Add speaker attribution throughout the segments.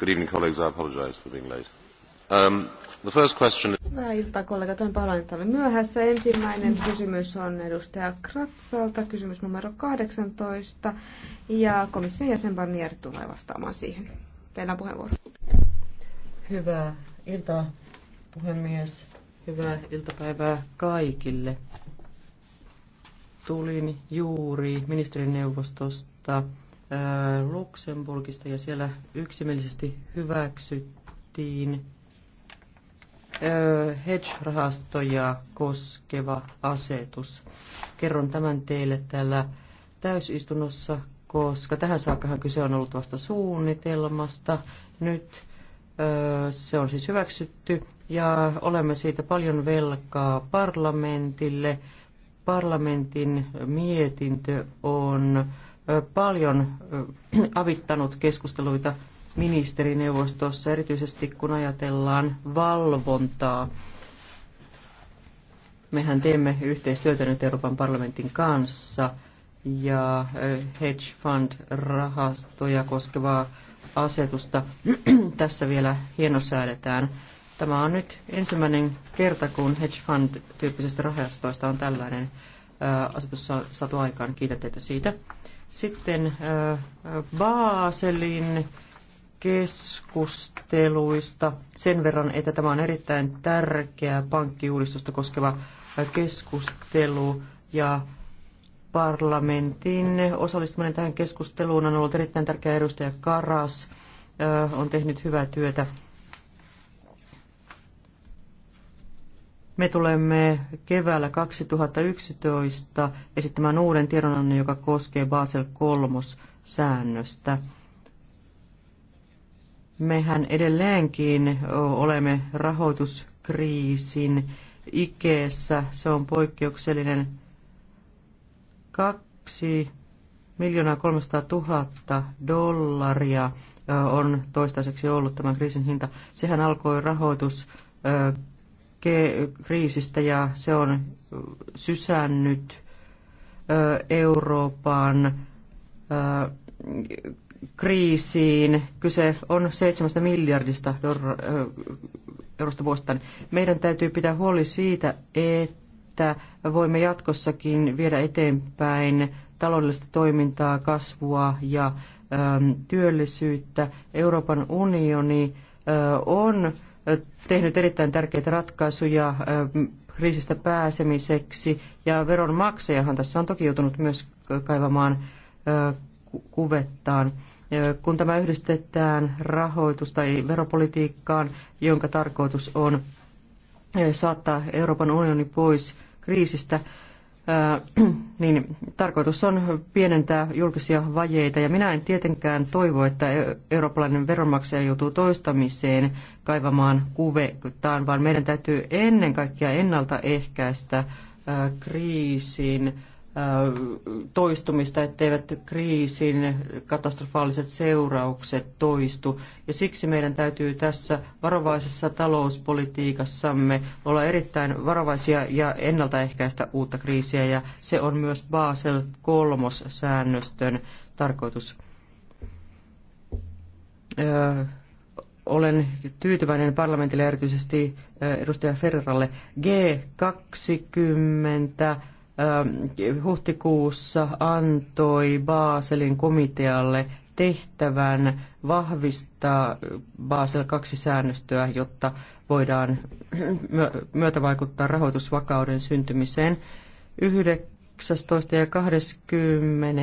Speaker 1: Good evening, colleagues. I apologize for being late. Um, the first question...
Speaker 2: Hyvää iltaa, kollegat. Olen pahoillani, että myöhässä. Ensimmäinen kysymys on edustaja Kratsalta, kysymys numero 18. Ja komission jäsen Barnier tulee vastaamaan siihen. Teillä on puheenvuoro.
Speaker 3: Hyvää iltaa, puhemies. Hyvää iltapäivää kaikille. Tulin juuri ministerineuvostosta Luxemburgista ja siellä yksimielisesti hyväksyttiin hedge-rahastoja koskeva asetus. Kerron tämän teille täällä täysistunnossa, koska tähän saakkahan kyse on ollut vasta suunnitelmasta. Nyt se on siis hyväksytty ja olemme siitä paljon velkaa parlamentille. Parlamentin mietintö on paljon avittanut keskusteluita ministerineuvostossa, erityisesti kun ajatellaan valvontaa. Mehän teemme yhteistyötä nyt Euroopan parlamentin kanssa ja hedge fund-rahastoja koskevaa asetusta tässä vielä hienosäädetään. Tämä on nyt ensimmäinen kerta, kun hedge fund tyyppisestä rahastoista on tällainen asetus saatu aikaan. Kiitän teitä siitä. Sitten Baaselin keskusteluista sen verran, että tämä on erittäin tärkeä pankkiuudistusta koskeva keskustelu ja parlamentin osallistuminen tähän keskusteluun on ollut erittäin tärkeä edustaja Karas on tehnyt hyvää työtä Me tulemme keväällä 2011 esittämään uuden tiedonannon, joka koskee Basel kolmos säännöstä Mehän edelleenkin olemme rahoituskriisin ikeessä. Se on poikkeuksellinen 2 miljoonaa 300 000 dollaria on toistaiseksi ollut tämän kriisin hinta. Sehän alkoi rahoitus kriisistä ja se on sysännyt Euroopan kriisiin. Kyse on 7 miljardista eurosta vuosittain. Meidän täytyy pitää huoli siitä, että voimme jatkossakin viedä eteenpäin taloudellista toimintaa, kasvua ja työllisyyttä. Euroopan unioni on tehnyt erittäin tärkeitä ratkaisuja kriisistä pääsemiseksi, ja veronmaksajahan tässä on toki joutunut myös kaivamaan kuvettaan. Kun tämä yhdistetään rahoitus- tai veropolitiikkaan, jonka tarkoitus on saattaa Euroopan unioni pois kriisistä, niin tarkoitus on pienentää julkisia vajeita. Ja minä en tietenkään toivo, että e- eurooppalainen veronmaksaja joutuu toistamiseen kaivamaan kuvettaan, vaan meidän täytyy ennen kaikkea ennaltaehkäistä kriisin toistumista, etteivät kriisin katastrofaaliset seuraukset toistu. Ja siksi meidän täytyy tässä varovaisessa talouspolitiikassamme olla erittäin varovaisia ja ennaltaehkäistä uutta kriisiä. Ja se on myös Basel kolmossäännöstön tarkoitus. Öö, olen tyytyväinen parlamentille erityisesti edustaja Ferralle. G20 huhtikuussa antoi Baaselin komitealle tehtävän vahvistaa Basel 2 säännöstöä, jotta voidaan myötävaikuttaa rahoitusvakauden syntymiseen. 19. ja 20.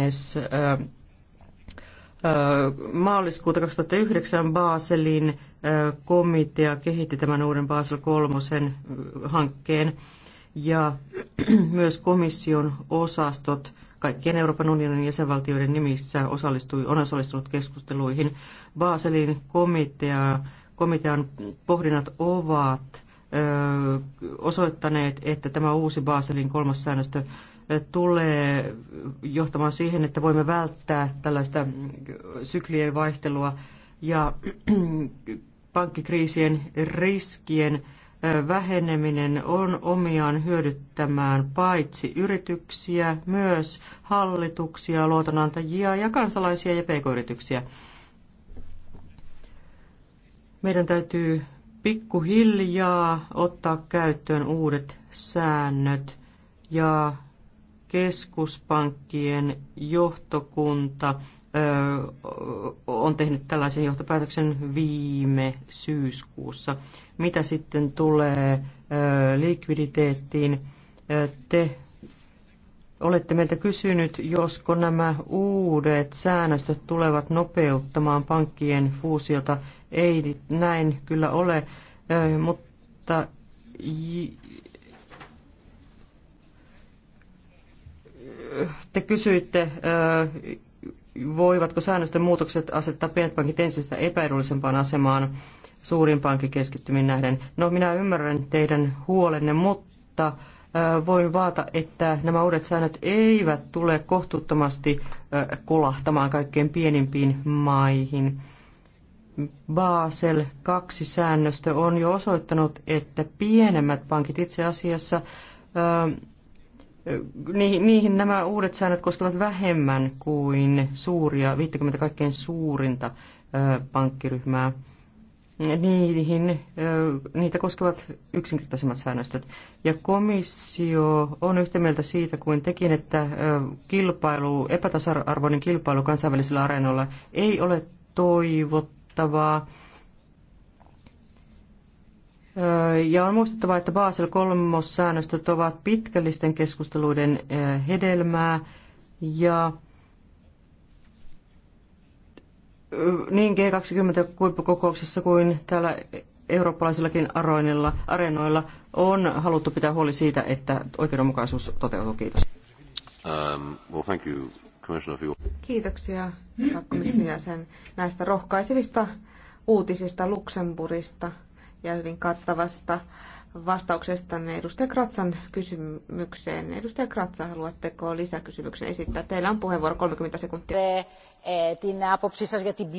Speaker 3: maaliskuuta 2009 Baselin komitea kehitti tämän uuden Basel 3 hankkeen ja myös komission osastot kaikkien Euroopan unionin jäsenvaltioiden nimissä osallistui, on osallistunut keskusteluihin. Baselin komitea, komitean pohdinnat ovat ö, osoittaneet, että tämä uusi Baselin kolmas säännöstö tulee johtamaan siihen, että voimme välttää tällaista syklien vaihtelua ja pankkikriisien riskien väheneminen on omiaan hyödyttämään paitsi yrityksiä, myös hallituksia, luotonantajia ja kansalaisia ja pk-yrityksiä. Meidän täytyy pikkuhiljaa ottaa käyttöön uudet säännöt ja keskuspankkien johtokunta on tehnyt tällaisen johtopäätöksen viime syyskuussa. Mitä sitten tulee likviditeettiin, te olette meiltä kysynyt, josko nämä uudet säännöstöt tulevat nopeuttamaan pankkien fuusiota. Ei näin kyllä ole, mutta te kysyitte voivatko säännösten muutokset asettaa pienet pankit ensistä epäedullisempaan asemaan suurin pankkikeskittymiin nähden? No minä ymmärrän teidän huolenne, mutta voin vaata, että nämä uudet säännöt eivät tule kohtuuttomasti kolahtamaan kaikkein pienimpiin maihin. Basel 2 säännöstö on jo osoittanut, että pienemmät pankit itse asiassa niihin, niihin nämä uudet säännöt koskevat vähemmän kuin suuria, 50 kaikkein suurinta pankkiryhmää. Niihin, niitä koskevat yksinkertaisemmat säännöstöt. Ja komissio on yhtä mieltä siitä kuin tekin, että kilpailu, epätasa-arvoinen kilpailu kansainvälisellä areenoilla ei ole toivottavaa ja on muistettava, että Basel kolmossäännöstöt ovat pitkällisten keskusteluiden hedelmää ja niin g 20 kuippukokouksessa kuin täällä eurooppalaisillakin areenoilla on haluttu pitää huoli siitä, että oikeudenmukaisuus toteutuu. Kiitos.
Speaker 1: Um, well, thank you, Commissioner
Speaker 2: Kiitoksia, komission jäsen, näistä rohkaisevista uutisista Luxemburista ja hyvin kattavasta vastauksesta. edustaja Kratsan kysymykseen. Edustaja Kratsa, haluatteko lisäkysymyksen esittää? Teillä on puheenvuoro 30 sekuntia. E, την Apopsissa ja για την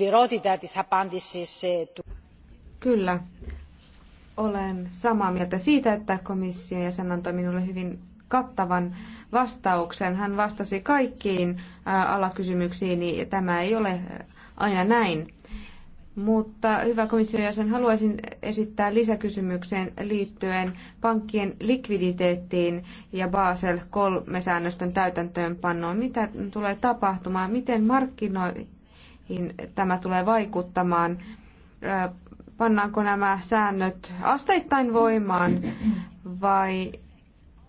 Speaker 2: Kyllä. Olen samaa mieltä siitä, että komissio ja sen antoi minulle hyvin kattavan vastauksen. Hän vastasi kaikkiin alakysymyksiin, ja tämä ei ole aina näin. Mutta hyvä komission jäsen, haluaisin esittää lisäkysymyksen liittyen pankkien likviditeettiin ja Basel 3 säännöstön täytäntöönpannoon. Mitä tulee tapahtumaan? Miten markkinoihin tämä tulee vaikuttamaan? Pannaanko nämä säännöt asteittain voimaan vai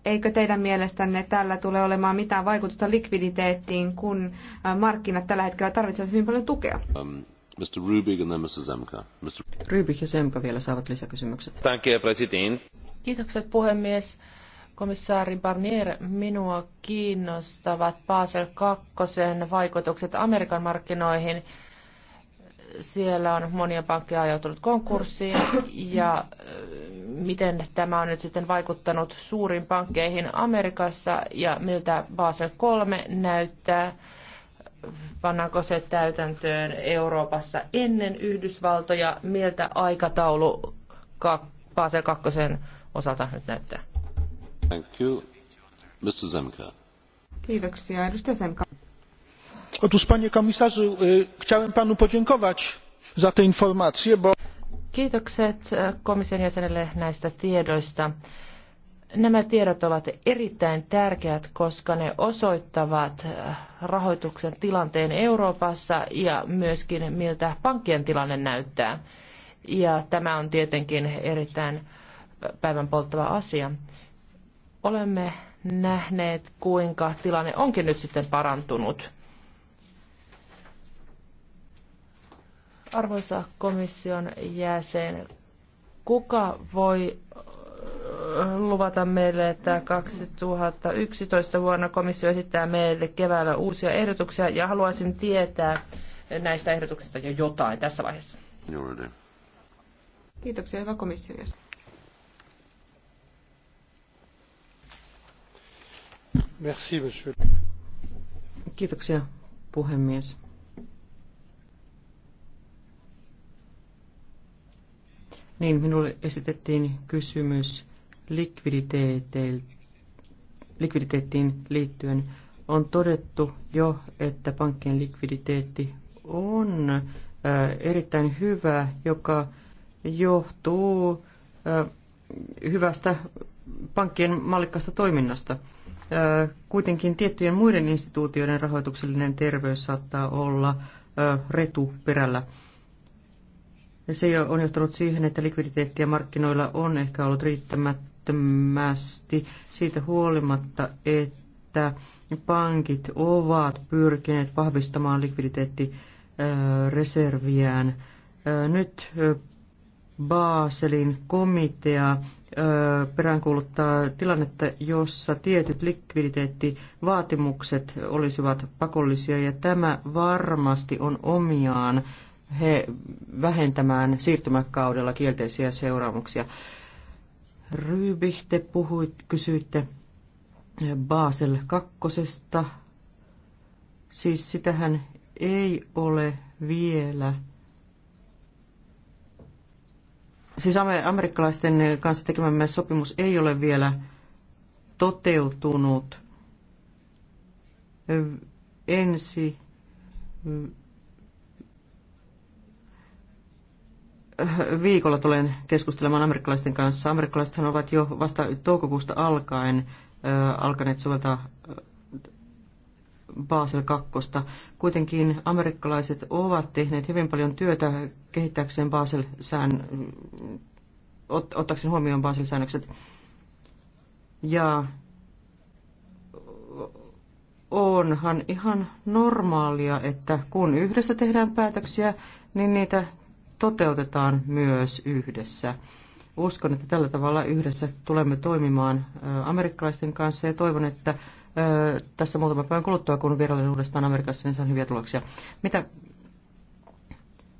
Speaker 2: eikö teidän mielestänne tällä tule olemaan mitään vaikutusta likviditeettiin, kun markkinat tällä hetkellä tarvitsevat hyvin paljon tukea?
Speaker 1: Um. Mr. Rubik and then Mr. Zemka. Mr.
Speaker 3: ja Zemka vielä saavat lisäkysymykset.
Speaker 1: Thank you, president.
Speaker 4: Kiitokset puhemies. Komissaari Barnier, minua kiinnostavat Basel II vaikutukset Amerikan markkinoihin. Siellä on monia pankkeja ajautunut konkurssiin ja äh, miten tämä on nyt sitten vaikuttanut suuriin pankkeihin Amerikassa ja miltä Basel III näyttää pannaanko se täytäntöön Euroopassa ennen Yhdysvaltoja, miltä aikataulu Basel kakkosen osalta nyt näyttää?
Speaker 1: Thank you. Mr. Zemka.
Speaker 4: Kiitoksia. Edustaja Zemka. Otus, panie komisarzu, chciałem panu podziękować za te informacje, bo... Kiitokset e, komission jäsenelle näistä tiedoista. Nämä tiedot ovat erittäin tärkeät, koska ne osoittavat äh, rahoituksen tilanteen Euroopassa ja myöskin miltä pankkien tilanne näyttää. Ja tämä on tietenkin erittäin äh, päivän polttava asia. Olemme nähneet, kuinka tilanne onkin nyt sitten parantunut. Arvoisa komission jäsen, kuka voi luvata meille, että 2011 vuonna komissio esittää meille keväällä uusia ehdotuksia ja haluaisin tietää näistä ehdotuksista jo jotain tässä vaiheessa.
Speaker 1: Niin.
Speaker 2: Kiitoksia, hyvä
Speaker 4: komissio. jäsen.
Speaker 1: Merci, monsieur.
Speaker 3: Kiitoksia, puhemies. Niin, minulle esitettiin kysymys likviditeettiin liittyen. On todettu jo, että pankkien likviditeetti on erittäin hyvä, joka johtuu hyvästä pankkien mallikkaasta toiminnasta. Kuitenkin tiettyjen muiden instituutioiden rahoituksellinen terveys saattaa olla retuperällä. perällä se on johtanut siihen, että likviditeettiä markkinoilla on ehkä ollut riittämättömästi siitä huolimatta, että pankit ovat pyrkineet vahvistamaan likviditeettireserviään. Nyt Baselin komitea peräänkuuluttaa tilannetta, jossa tietyt likviditeettivaatimukset olisivat pakollisia, ja tämä varmasti on omiaan he vähentämään siirtymäkaudella kielteisiä seuraamuksia. Ryybi, te puhuit, kysyitte Basel kakkosesta. Siis sitähän ei ole vielä siis amerikkalaisten kanssa tekemämme sopimus ei ole vielä toteutunut. Ensi viikolla tulen keskustelemaan amerikkalaisten kanssa. Amerikkalaisethan ovat jo vasta toukokuusta alkaen alkaneet soveltaa Basel 2. Kuitenkin amerikkalaiset ovat tehneet hyvin paljon työtä kehittääkseen Basel-sään, ot, ottaakseen huomioon Basel-säännökset. Ja onhan ihan normaalia, että kun yhdessä tehdään päätöksiä, niin niitä toteutetaan myös yhdessä. Uskon, että tällä tavalla yhdessä tulemme toimimaan amerikkalaisten kanssa ja toivon, että tässä muutama päivän kuluttua, kun virallinen uudestaan Amerikassa, niin saan hyviä tuloksia. Mitä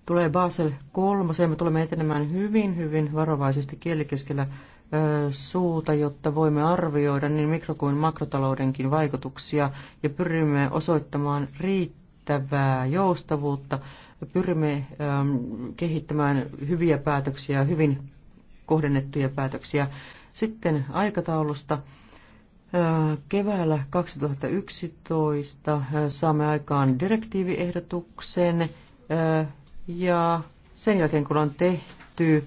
Speaker 3: tulee Basel kolmoseen, me tulemme etenemään hyvin, hyvin varovaisesti kielikeskellä suuta, jotta voimme arvioida niin mikro- kuin makrotaloudenkin vaikutuksia ja pyrimme osoittamaan riittävää joustavuutta pyrimme ähm, kehittämään hyviä päätöksiä, hyvin kohdennettuja päätöksiä. Sitten aikataulusta. Äh, keväällä 2011 äh, saamme aikaan direktiiviehdotuksen äh, ja sen jälkeen kun on tehty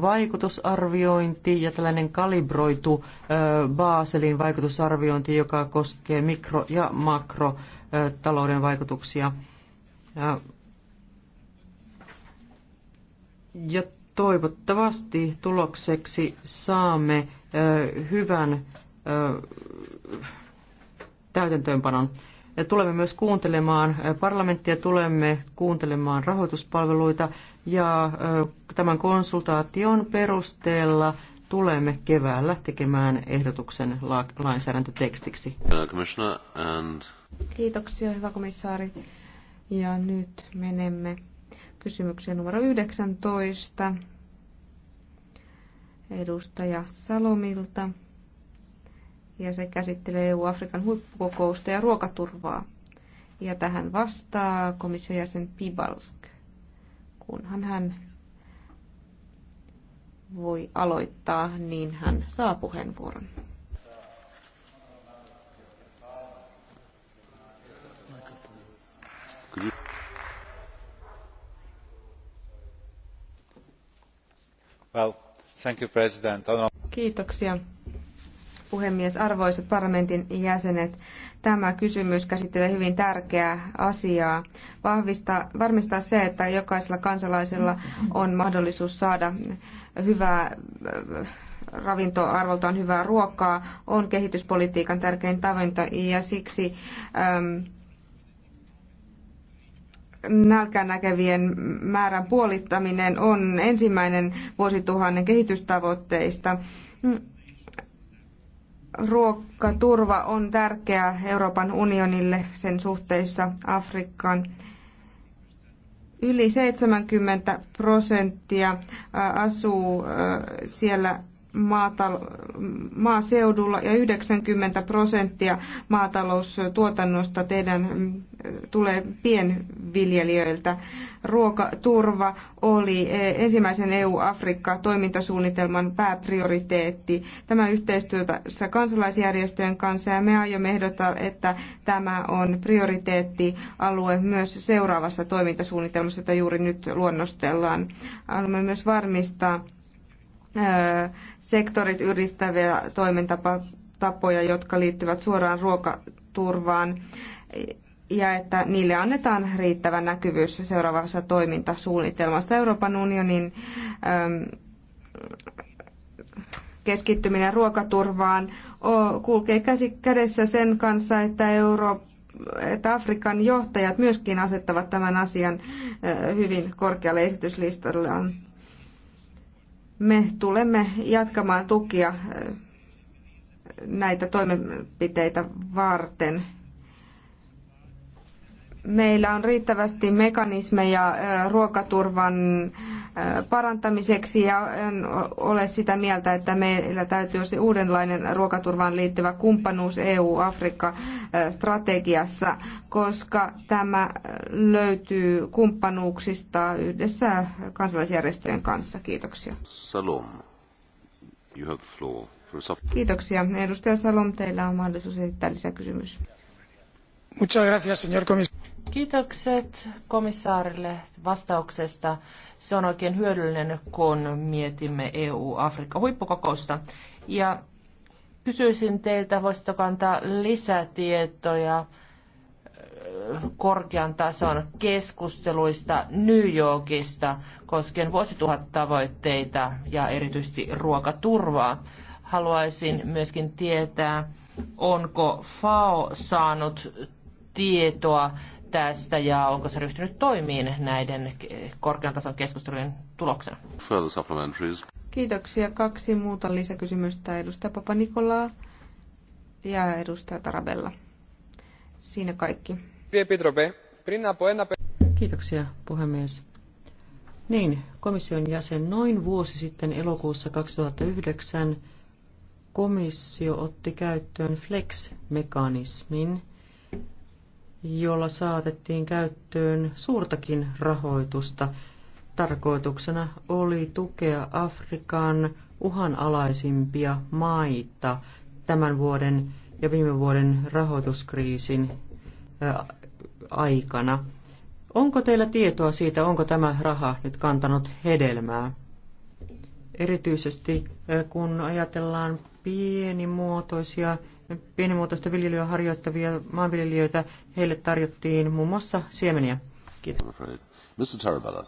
Speaker 3: vaikutusarviointi ja tällainen kalibroitu Baselin vaikutusarviointi, joka koskee mikro- ja makrotalouden vaikutuksia – ja toivottavasti tulokseksi saamme hyvän täytäntöönpanon. Tulemme myös kuuntelemaan parlamenttia, tulemme kuuntelemaan rahoituspalveluita ja tämän konsultaation perusteella tulemme keväällä tekemään ehdotuksen lainsäädäntötekstiksi.
Speaker 2: Kiitoksia, hyvä komissaari. Ja nyt menemme kysymykseen numero 19 edustaja Salomilta. Ja se käsittelee EU-Afrikan huippukokousta ja ruokaturvaa. Ja tähän vastaa komission jäsen Pibalsk, kunhan hän voi aloittaa, niin hän saa puheenvuoron. Kiitoksia puhemies, arvoisat parlamentin jäsenet. Tämä kysymys käsittelee hyvin tärkeää asiaa. Vahvista, varmistaa se, että jokaisella kansalaisella on mahdollisuus saada hyvää äh, ravintoarvoltaan hyvää ruokaa, on kehityspolitiikan tärkein tavoite ja siksi äm, nälkään näkevien määrän puolittaminen on ensimmäinen vuosituhannen kehitystavoitteista. Ruokaturva on tärkeä Euroopan unionille sen suhteissa Afrikkaan. Yli 70 prosenttia asuu siellä maatal- maaseudulla ja 90 prosenttia maataloustuotannosta teidän tulee pienviljelijöiltä. Ruokaturva oli eh, ensimmäisen EU-Afrikka-toimintasuunnitelman pääprioriteetti. Tämä yhteistyössä kansalaisjärjestöjen kanssa ja me aiomme ehdottaa, että tämä on prioriteettialue myös seuraavassa toimintasuunnitelmassa, jota juuri nyt luonnostellaan. Haluamme myös varmistaa, sektorit yhdistäviä toimintatapoja, jotka liittyvät suoraan ruokaturvaan ja että niille annetaan riittävä näkyvyys seuraavassa toimintasuunnitelmassa. Euroopan unionin keskittyminen ruokaturvaan kulkee käsi kädessä sen kanssa, että Eurooppa että Afrikan johtajat myöskin asettavat tämän asian hyvin korkealle esityslistallaan. Me tulemme jatkamaan tukia äh, näitä toimenpiteitä varten. Meillä on riittävästi mekanismeja äh, ruokaturvan parantamiseksi ja en ole sitä mieltä, että meillä täytyy olla uudenlainen ruokaturvaan liittyvä kumppanuus EU-Afrikka-strategiassa, koska tämä löytyy kumppanuuksista yhdessä kansalaisjärjestöjen kanssa. Kiitoksia.
Speaker 1: Salom. You have floor.
Speaker 2: Kiitoksia. Edustaja Salom, teillä on mahdollisuus esittää lisäkysymys.
Speaker 4: Muchas gracias, señor comisario. Kiitokset komissaarille vastauksesta. Se on oikein hyödyllinen, kun mietimme EU-Afrikka-huippukokousta. Ja kysyisin teiltä, voisitteko antaa lisätietoja äh, korkean tason keskusteluista New Yorkista koskien vuosituhattavoitteita ja erityisesti ruokaturvaa. Haluaisin myöskin tietää, onko FAO saanut tietoa tästä ja onko se ryhtynyt toimiin näiden korkean tason
Speaker 1: keskustelujen tuloksena?
Speaker 2: Kiitoksia. Kaksi muuta lisäkysymystä. Edustaja Papa Nikolaa ja edustaja Tarabella. Siinä kaikki. Kiitoksia puhemies.
Speaker 3: Niin, komission jäsen noin vuosi sitten elokuussa 2009 komissio otti käyttöön flex-mekanismin, jolla saatettiin käyttöön suurtakin rahoitusta. Tarkoituksena oli tukea Afrikan uhanalaisimpia maita tämän vuoden ja viime vuoden rahoituskriisin aikana. Onko teillä tietoa siitä, onko tämä raha nyt kantanut hedelmää? Erityisesti kun ajatellaan pienimuotoisia pienimuotoista viljelyä harjoittavia maanviljelijöitä. Heille tarjottiin muun muassa siemeniä. Kiitos.
Speaker 1: Mr. Tarabella.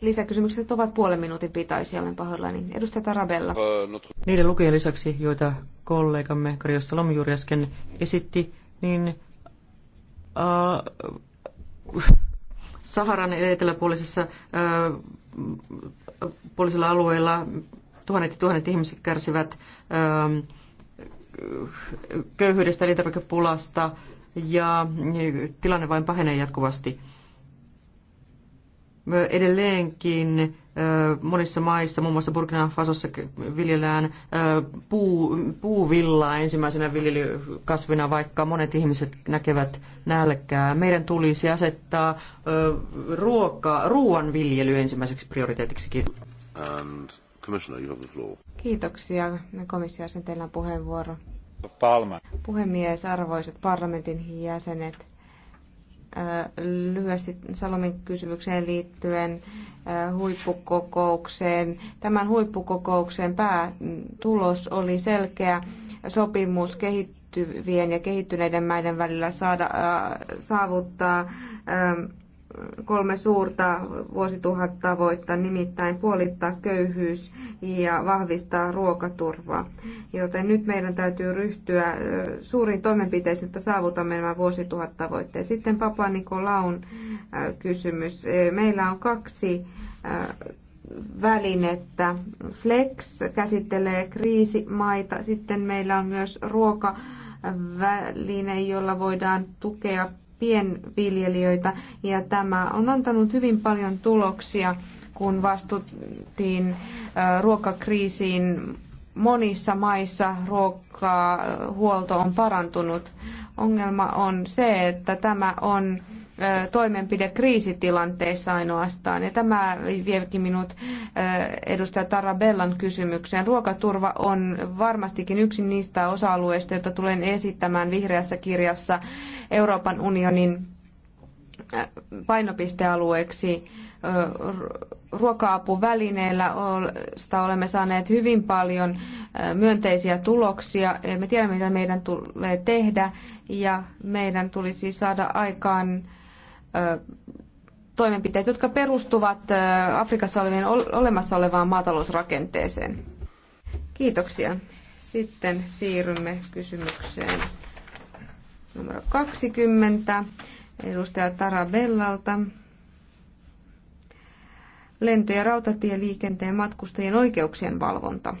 Speaker 2: Lisäkysymykset ovat puolen minuutin pitäisiä, olen pahoillani. Edustaja Tarabella.
Speaker 1: No
Speaker 3: Niiden lukujen lisäksi, joita kollegamme Karjo Salom juuri äsken esitti, niin uh, Saharan eteläpuolisessa uh, puolisella alueella tuhannet ja tuhannet ihmiset kärsivät uh, köyhyydestä, elintarvikepulasta ja tilanne vain pahenee jatkuvasti. Edelleenkin monissa maissa, muun muassa Burkina Fasossa viljellään puu, puuvillaa ensimmäisenä viljelykasvina, vaikka monet ihmiset näkevät nälkää. Meidän tulisi asettaa ruoka, ruoan viljely ensimmäiseksi
Speaker 1: prioriteetiksi. Kiitos. And... Commissioner, you have the floor.
Speaker 2: Kiitoksia. Komissio, teillä puheenvuoro. Puhemies, arvoisat parlamentin jäsenet. Lyhyesti Salomin kysymykseen liittyen huippukokoukseen. Tämän huippukokouksen päätulos oli selkeä sopimus kehittyvien ja kehittyneiden maiden välillä saada, saavuttaa kolme suurta vuosituhattavoitta, nimittäin puolittaa köyhyys ja vahvistaa ruokaturvaa. Joten nyt meidän täytyy ryhtyä suuriin toimenpiteisiin, että saavutamme nämä vuosituhattavoitteet. Sitten Papa Nikolaun kysymys. Meillä on kaksi välinettä. Flex käsittelee kriisimaita. Sitten meillä on myös ruoka väline jolla voidaan tukea pienviljelijöitä ja tämä on antanut hyvin paljon tuloksia, kun vastuttiin ruokakriisiin monissa maissa ruokahuolto on parantunut. Ongelma on se, että tämä on toimenpide kriisitilanteissa ainoastaan. Ja tämä viekin minut edustaja Tarabellan kysymykseen. Ruokaturva on varmastikin yksi niistä osa-alueista, joita tulen esittämään vihreässä kirjassa Euroopan unionin painopistealueeksi ruoka-apuvälineellä sitä olemme saaneet hyvin paljon myönteisiä tuloksia. Me tiedämme, mitä meidän tulee tehdä ja meidän tulisi saada aikaan toimenpiteet, jotka perustuvat Afrikassa olevien olemassa olevaan maatalousrakenteeseen. Kiitoksia. Sitten siirrymme kysymykseen numero 20 edustaja Tarabellalta. Lento- ja rautatieliikenteen matkustajien oikeuksien valvonta.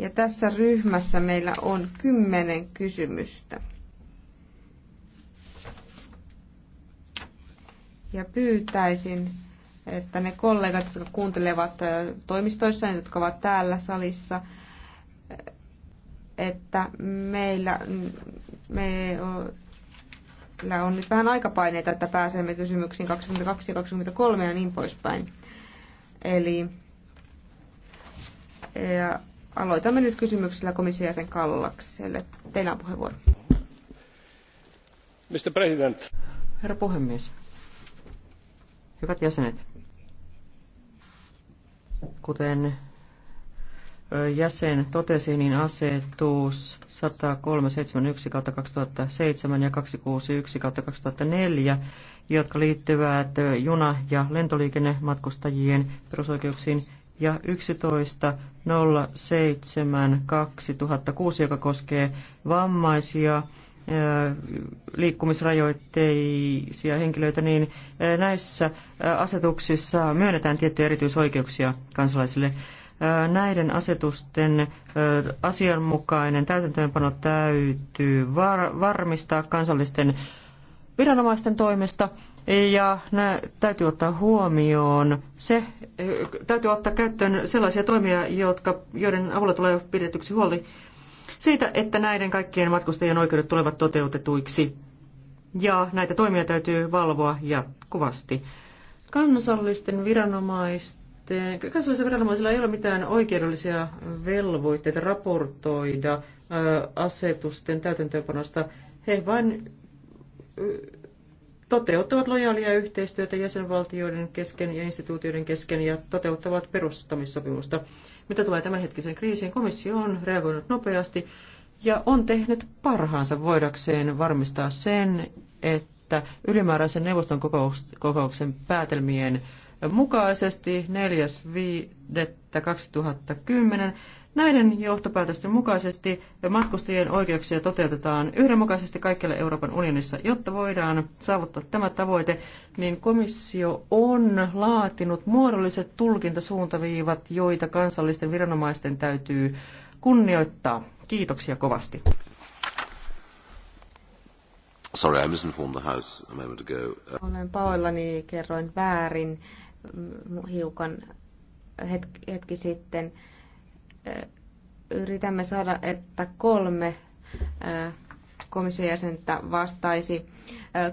Speaker 2: Ja tässä ryhmässä meillä on kymmenen kysymystä. Ja pyytäisin, että ne kollegat, jotka kuuntelevat toimistoissa ja jotka ovat täällä salissa, että meillä, meillä on nyt vähän aikapaineita, että pääsemme kysymyksiin 22 ja 23 ja niin poispäin. Eli ja Aloitamme nyt kysymyksellä komission jäsen Kallakselle. Teillä on puheenvuoro.
Speaker 4: Mr.
Speaker 3: President. Herra puhemies. Hyvät jäsenet. Kuten jäsen totesi, niin asetus 1371 2007 ja 261 2004, jotka liittyvät juna- ja lentoliikennematkustajien perusoikeuksiin, ja 11.07.2006, joka koskee vammaisia liikkumisrajoitteisia henkilöitä, niin näissä asetuksissa myönnetään tiettyjä erityisoikeuksia kansalaisille. Näiden asetusten asianmukainen täytäntöönpano täytyy varmistaa kansallisten viranomaisten toimesta ja nämä täytyy ottaa huomioon se, täytyy ottaa käyttöön sellaisia toimia, jotka, joiden avulla tulee pidetyksi huoli siitä, että näiden kaikkien matkustajien oikeudet tulevat toteutetuiksi. Ja näitä toimia täytyy valvoa jatkuvasti. Kansallisten viranomaisten, kansallisilla viranomaisilla ei ole mitään oikeudellisia velvoitteita raportoida asetusten täytäntöönpanosta. He vain toteuttavat lojaalia yhteistyötä jäsenvaltioiden kesken ja instituutioiden kesken ja toteuttavat perustamissopimusta. Mitä tulee tämänhetkiseen kriisiin, komissio on reagoinut nopeasti ja on tehnyt parhaansa voidakseen varmistaa sen, että ylimääräisen neuvoston kokouksen päätelmien mukaisesti 4.5.2010 Näiden johtopäätösten mukaisesti matkustajien oikeuksia toteutetaan yhdenmukaisesti kaikkialla Euroopan unionissa. Jotta voidaan saavuttaa tämä tavoite, niin komissio on laatinut muodolliset tulkintasuuntaviivat, joita kansallisten viranomaisten täytyy kunnioittaa.
Speaker 2: Kiitoksia kovasti.
Speaker 1: Sorry, I misinformed the house a moment ago.
Speaker 2: Olen pahoillani, kerroin väärin mm, hiukan hetki, hetki sitten yritämme saada, että kolme komission jäsentä vastaisi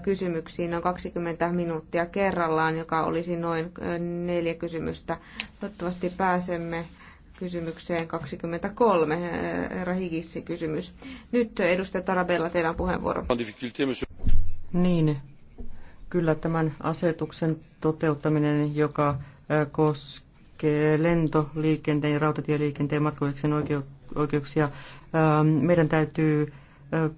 Speaker 2: kysymyksiin noin 20 minuuttia kerrallaan, joka olisi noin neljä kysymystä. Toivottavasti pääsemme kysymykseen 23, herra Higissi kysymys. Nyt edustaja Tarabella, teillä on puheenvuoro.
Speaker 3: Niin, kyllä tämän asetuksen toteuttaminen, joka koskee lentoliikenteen ja rautatieliikenteen matkojen oikeuksia. Ähm, meidän täytyy äh,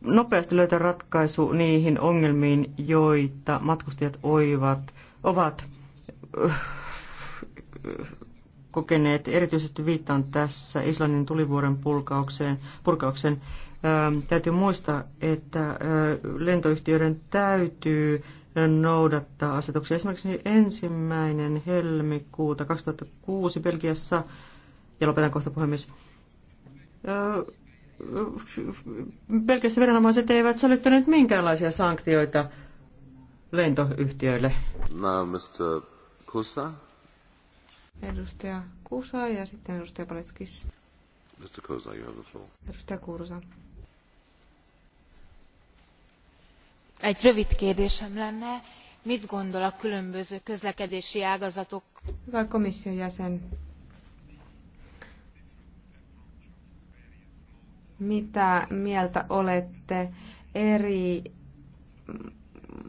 Speaker 3: nopeasti löytää ratkaisu niihin ongelmiin, joita matkustajat oivat, ovat äh, kokeneet. Erityisesti viittaan tässä Islannin tulivuoren purkaukseen. purkaukseen. Ähm, ää, täytyy muistaa, että ää, äh, lentoyhtiöiden täytyy noudattaa asetuksia. Esimerkiksi ensimmäinen helmikuuta 2006 Belgiassa, ja lopetan kohta puhemies, Belgiassa viranomaiset eivät sälyttäneet minkäänlaisia sanktioita lentoyhtiöille.
Speaker 1: No, Mr. Kusa.
Speaker 2: Edustaja Kusa ja sitten edustaja Paletskis.
Speaker 1: Mr. Kusa, you have the floor.
Speaker 2: Edustaja Kursa. egy rövid kérdésem lenne mit gondol a különböző közlekedési ágazatok. mitä mieltä olette eri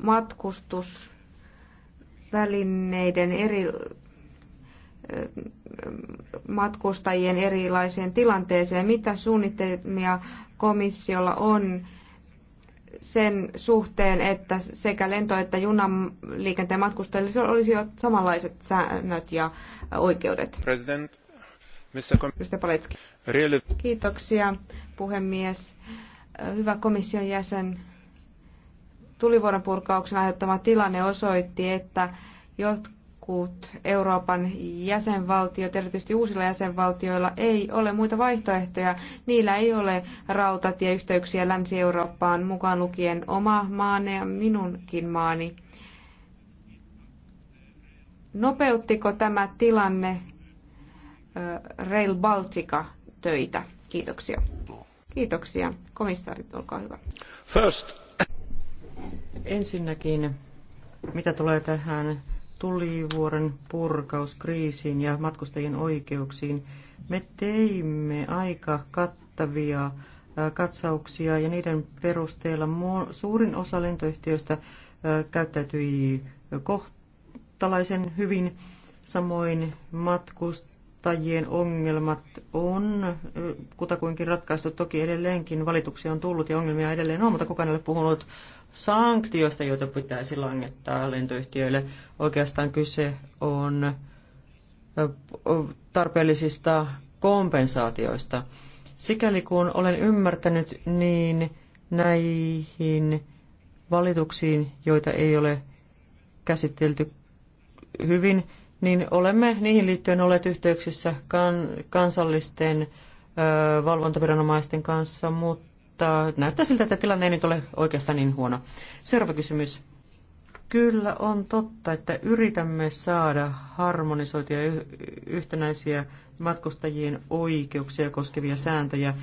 Speaker 2: matkustusvälineiden eri matkustajien erilaiseen tilanteeseen. Mitä suunnitelmia komissiolla on sen suhteen, että sekä lento- että junaliikenteen matkustajille olisivat samanlaiset säännöt ja oikeudet. President, Mr. Really? Kiitoksia, puhemies. Hyvä komission jäsen. Tulivuoren purkauksen aiheuttama tilanne osoitti, että jotkut jotkut Euroopan jäsenvaltiot, erityisesti uusilla jäsenvaltioilla, ei ole muita vaihtoehtoja. Niillä ei ole rautatieyhteyksiä Länsi-Eurooppaan, mukaan lukien oma maani ja minunkin maani. Nopeuttiko tämä tilanne Rail Baltica töitä? Kiitoksia. Kiitoksia. Komissaarit, olkaa hyvä.
Speaker 4: First.
Speaker 3: Ensinnäkin, mitä tulee tähän tulivuoren purkaus kriisiin ja matkustajien oikeuksiin. Me teimme aika kattavia katsauksia ja niiden perusteella suurin osa lentoyhtiöistä käyttäytyi kohtalaisen hyvin. Samoin matkustajien ongelmat on kutakuinkin ratkaistu. Toki edelleenkin valituksia on tullut ja ongelmia edelleen on, mutta kukaan ei ole puhunut sanktioista, joita pitäisi langettaa lentoyhtiöille. Oikeastaan kyse on tarpeellisista kompensaatioista. Sikäli kun olen ymmärtänyt, niin näihin valituksiin, joita ei ole käsitelty hyvin, niin olemme niihin liittyen olleet yhteyksissä kan, kansallisten ö, valvontaviranomaisten kanssa, mutta mutta näyttää siltä, että tilanne ei nyt ole oikeastaan niin huono. Seuraava kysymys. Kyllä on totta, että yritämme saada harmonisoituja yhtenäisiä matkustajien oikeuksia koskevia sääntöjä.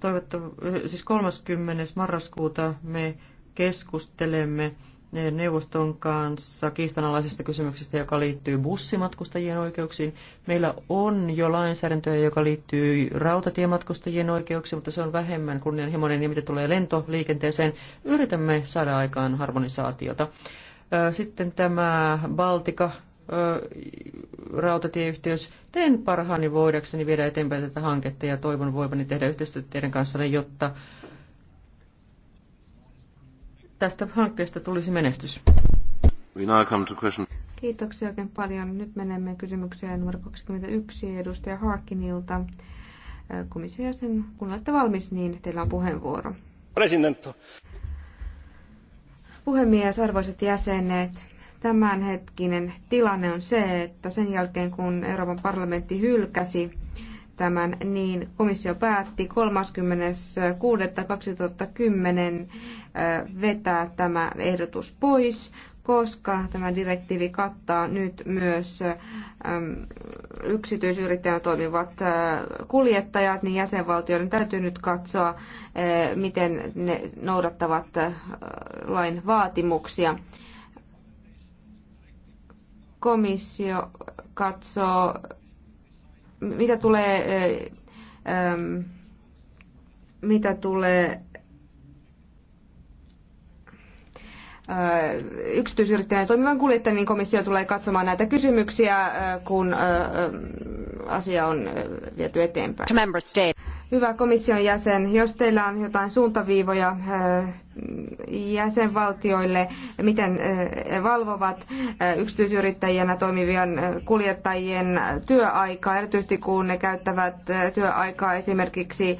Speaker 3: Toivottav- siis 30. marraskuuta me keskustelemme neuvoston kanssa kiistanalaisesta kysymyksestä, joka liittyy bussimatkustajien oikeuksiin. Meillä on jo lainsäädäntöä, joka liittyy rautatiematkustajien oikeuksiin, mutta se on vähemmän kunnianhimoinen ja mitä tulee lentoliikenteeseen. Yritämme saada aikaan harmonisaatiota. Sitten tämä Baltika rautatieyhteys. Teen parhaani voidakseni viedä eteenpäin tätä hanketta ja toivon voivani tehdä yhteistyötä teidän kanssanne, jotta tästä hankkeesta tulisi menestys.
Speaker 2: Kiitoksia oikein paljon. Nyt menemme kysymykseen numero 21 edustaja Harkinilta. Äh, komission jäsen, kun olette valmis, niin teillä on puheenvuoro.
Speaker 4: Presidentto.
Speaker 2: Puhemies, arvoiset jäsenet, tämänhetkinen tilanne on se, että sen jälkeen kun Euroopan parlamentti hylkäsi tämän, niin komissio päätti 30.6.2010 äh, vetää tämä ehdotus pois, koska tämä direktiivi kattaa nyt myös ähm, yksityisyrittäjänä toimivat äh, kuljettajat, niin jäsenvaltioiden täytyy nyt katsoa, äh, miten ne noudattavat lain vaatimuksia komissio katsoo mitä tulee, mitä tulee yksityisyrittäjänä toimivan kuljettajan, niin komissio tulee katsomaan näitä kysymyksiä, kun asia on viety eteenpäin. Hyvä komission jäsen, jos teillä on jotain suuntaviivoja jäsenvaltioille, miten valvovat yksityisyrittäjänä toimivien kuljettajien työaikaa, erityisesti kun ne käyttävät työaikaa esimerkiksi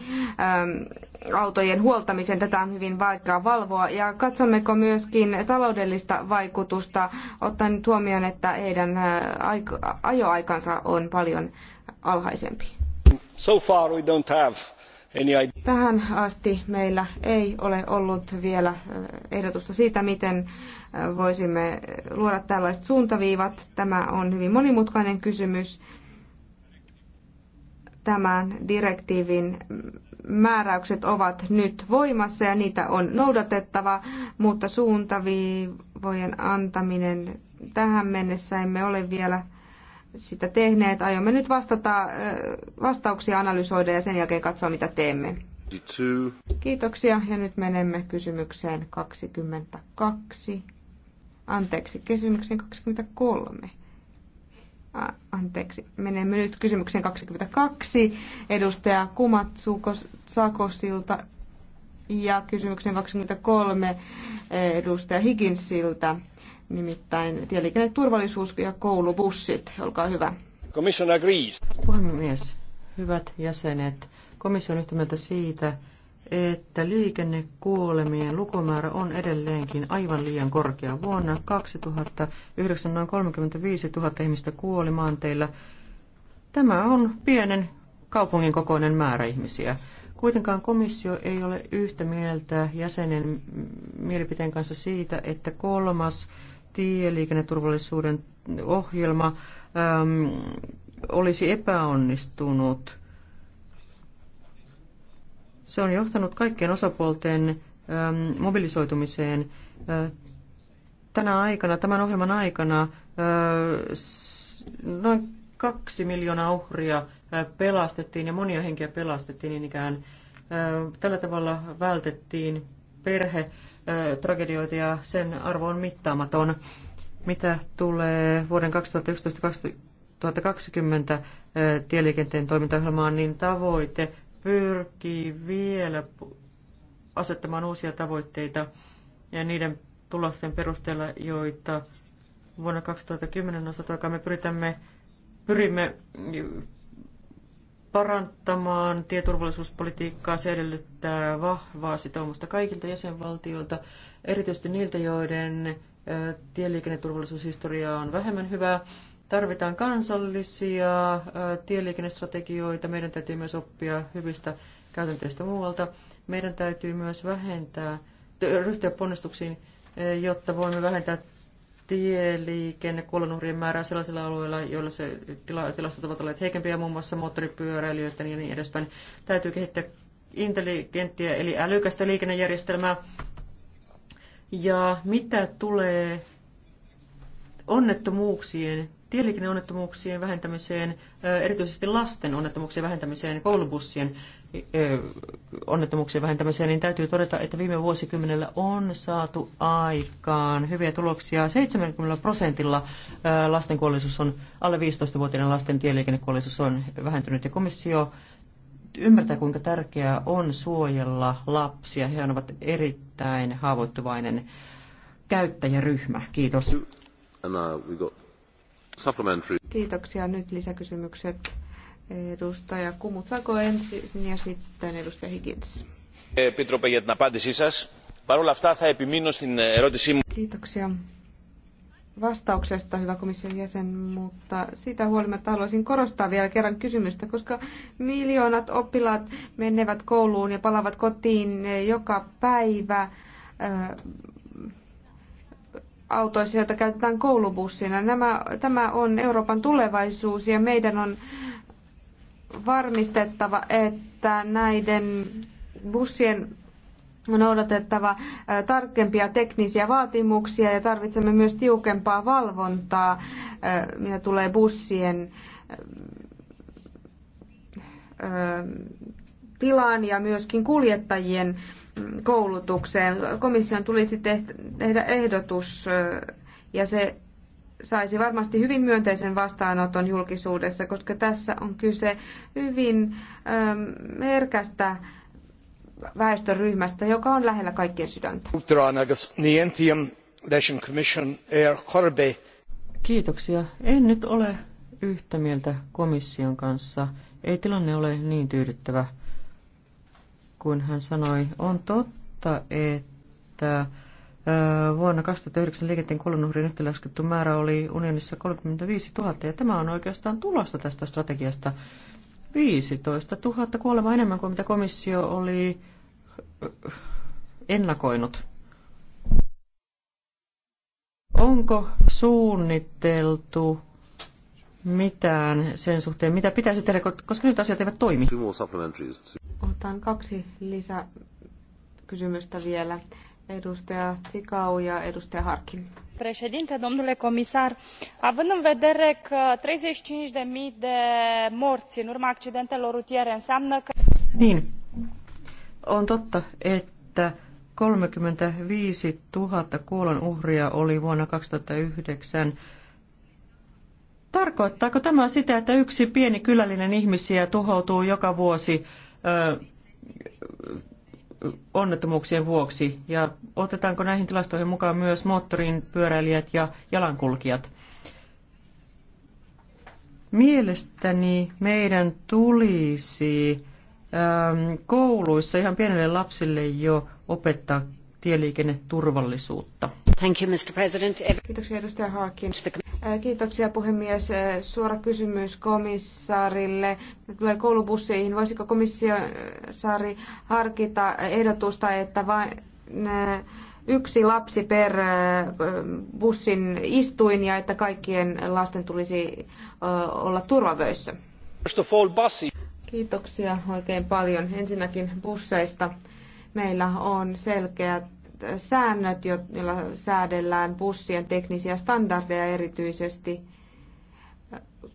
Speaker 2: autojen huoltamisen. Tätä on hyvin vaikea valvoa. Ja katsommeko myöskin taloudellista vaikutusta, ottaen huomioon, että heidän ajoaikansa on paljon alhaisempi.
Speaker 4: So far we don't have
Speaker 2: Tähän asti meillä ei ole ollut vielä äh, ehdotusta siitä, miten äh, voisimme luoda tällaiset suuntaviivat. Tämä on hyvin monimutkainen kysymys. Tämän direktiivin määräykset ovat nyt voimassa ja niitä on noudatettava, mutta suuntaviivojen antaminen tähän mennessä emme ole vielä sitä tehneet. Aiomme nyt vastata, äh, vastauksia analysoida ja sen jälkeen katsoa, mitä teemme. Kiitoksia ja nyt menemme kysymykseen 22. Anteeksi, kysymykseen 23. Anteeksi, menemme nyt kysymykseen 22 edustaja Sakosilta ja kysymykseen 23 edustaja Higginsiltä nimittäin tieliikenneturvallisuus ja koulubussit. Olkaa
Speaker 3: hyvä.
Speaker 4: Commission agrees.
Speaker 3: Puhemies, hyvät jäsenet, komissio on yhtä mieltä siitä, että liikennekuolemien lukumäärä on edelleenkin aivan liian korkea. Vuonna 2009 noin 35 000 ihmistä kuoli maanteilla. Tämä on pienen kaupungin kokoinen määrä ihmisiä. Kuitenkaan komissio ei ole yhtä mieltä jäsenen mielipiteen kanssa siitä, että kolmas tieliikenneturvallisuuden ohjelma äm, olisi epäonnistunut. Se on johtanut kaikkien osapuolten äm, mobilisoitumiseen. Ä, äh, tänä aikana, tämän ohjelman aikana ä, äh, s, noin kaksi miljoonaa uhria ä, äh, pelastettiin ja monia henkiä pelastettiin niin ikään. Ä, tällä tavalla vältettiin perhe tragedioita ja sen arvo on mittaamaton. Mitä tulee vuoden 2011-2020 tieliikenteen toimintaohjelmaan, niin tavoite pyrkii vielä asettamaan uusia tavoitteita ja niiden tulosten perusteella, joita vuonna 2010 on saatu Me pyritämme, pyrimme parantamaan tieturvallisuuspolitiikkaa. Se edellyttää vahvaa sitoumusta kaikilta jäsenvaltioilta, erityisesti niiltä, joiden tieliikenneturvallisuushistoria on vähemmän hyvää. Tarvitaan kansallisia tieliikennestrategioita. Meidän täytyy myös oppia hyvistä käytänteistä muualta. Meidän täytyy myös vähentää, ryhtyä ponnistuksiin, jotta voimme vähentää tieliikenne kuolonuhrien määrää sellaisilla alueilla, joilla se tila, tilastot ovat olleet heikempiä, muun muassa moottoripyöräilijöiden ja niin edespäin. Täytyy kehittää intelligenttiä eli älykästä liikennejärjestelmää. Ja mitä tulee onnettomuuksien, tieliikenneonnettomuuksien vähentämiseen, erityisesti lasten onnettomuuksien vähentämiseen koulubussien onnettomuuksien vähentämiseen, niin täytyy todeta, että viime vuosikymmenellä on saatu aikaan hyviä tuloksia. 70 prosentilla lasten kuolleisuus on, alle 15-vuotiaiden lasten tieliikennekuolleisuus on vähentynyt ja komissio ymmärtää, kuinka tärkeää on suojella lapsia. He ovat erittäin haavoittuvainen käyttäjäryhmä. Kiitos.
Speaker 1: Uh,
Speaker 2: Kiitoksia. Nyt lisäkysymykset Edustaja Kumutsako ensin ja sitten edustaja Higgins.
Speaker 1: Επίτροπε για την απάντησή σας. Παρ' όλα αυτά θα επιμείνω στην ερώτησή μου.
Speaker 2: Kiitoksia vastauksesta, hyvä komission jäsen, mutta siitä huolimatta haluaisin korostaa vielä kerran kysymystä, koska miljoonat oppilaat menevät kouluun ja palavat kotiin eh, joka päivä eh, autoissa, joita käytetään koulubussina. Nämä, tämä on Euroopan tulevaisuus ja meidän on äh, varmistettava, että näiden bussien on noudatettava tarkempia teknisiä vaatimuksia ja tarvitsemme myös tiukempaa valvontaa, mitä tulee bussien tilaan ja myöskin kuljettajien koulutukseen. Komission tulisi tehdä ehdotus ja se saisi varmasti hyvin myönteisen vastaanoton julkisuudessa, koska tässä on kyse hyvin merkästä ähm, väestöryhmästä, joka on lähellä kaikkien sydäntä.
Speaker 4: Kiitoksia.
Speaker 2: En nyt ole
Speaker 3: yhtä mieltä komission kanssa. Ei tilanne ole niin tyydyttävä kuin hän sanoi. On totta, että Vuonna 2009 liikenteen kuolonuhrien yhtälaskettu määrä oli unionissa 35 000, ja tämä on oikeastaan tulosta tästä strategiasta. 15 000 kuolemaa enemmän kuin mitä komissio oli ennakoinut. Onko suunniteltu mitään sen suhteen, mitä pitäisi tehdä, koska nyt asiat eivät toimi?
Speaker 2: Otan kaksi lisäkysymystä vielä. Edustaja Tikau ja edustaja Harkin. Președinte, domnule comisar, având în vedere că
Speaker 3: 35.000 de morți în urma accidentelor rutiere înseamnă că... Niin, on totta, että 35 000 kuolonuhria oli vuonna 2009 Tarkoittaako tämä sitä, että yksi pieni kylällinen ihmisiä tuhoutuu joka vuosi ö, onnettomuuksien vuoksi ja otetaanko näihin tilastoihin mukaan myös moottorin pyöräilijät ja jalankulkijat. Mielestäni meidän tulisi ähm, kouluissa ihan pienille lapsille jo opettaa tieliikenneturvallisuutta.
Speaker 2: Thank you, Mr. President. Kiitoksia edustaja Haakin. Kiitoksia puhemies. Suora kysymys komissaarille. Tulee koulubusseihin. Voisiko komissaari harkita ehdotusta, että vain yksi lapsi per bussin istuin ja että kaikkien lasten tulisi olla turvavöissä? Kiitoksia oikein paljon. Ensinnäkin busseista. Meillä on selkeät säännöt, joilla säädellään bussien teknisiä standardeja erityisesti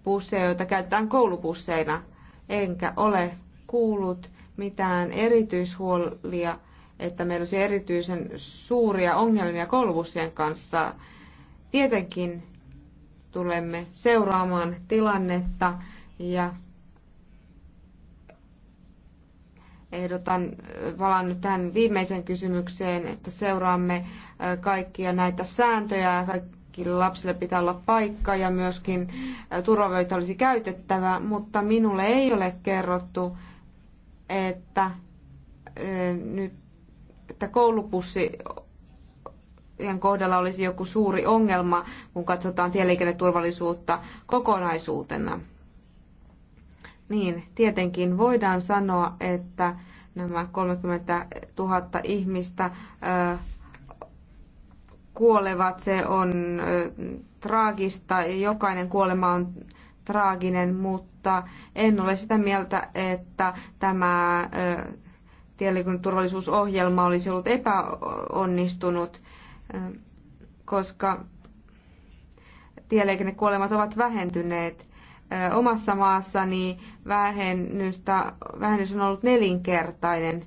Speaker 2: busseja, joita käytetään koulubusseina. Enkä ole kuullut mitään erityishuolia, että meillä olisi erityisen suuria ongelmia koulubussien kanssa. Tietenkin tulemme seuraamaan tilannetta ja ehdotan, palaan nyt tähän viimeiseen kysymykseen, että seuraamme kaikkia näitä sääntöjä, Kaikille lapsille pitää olla paikka ja myöskin turvavöitä olisi käytettävä, mutta minulle ei ole kerrottu, että nyt että koulupussi kohdalla olisi joku suuri ongelma, kun katsotaan tieliikenneturvallisuutta kokonaisuutena. Niin, tietenkin voidaan sanoa, että nämä 30 000 ihmistä kuolevat, se on traagista, jokainen kuolema on traaginen, mutta en ole sitä mieltä, että tämä tieliikenneturvallisuusohjelma olisi ollut epäonnistunut, koska tieliikennekuolemat ovat vähentyneet omassa maassani vähennystä, vähennys on ollut nelinkertainen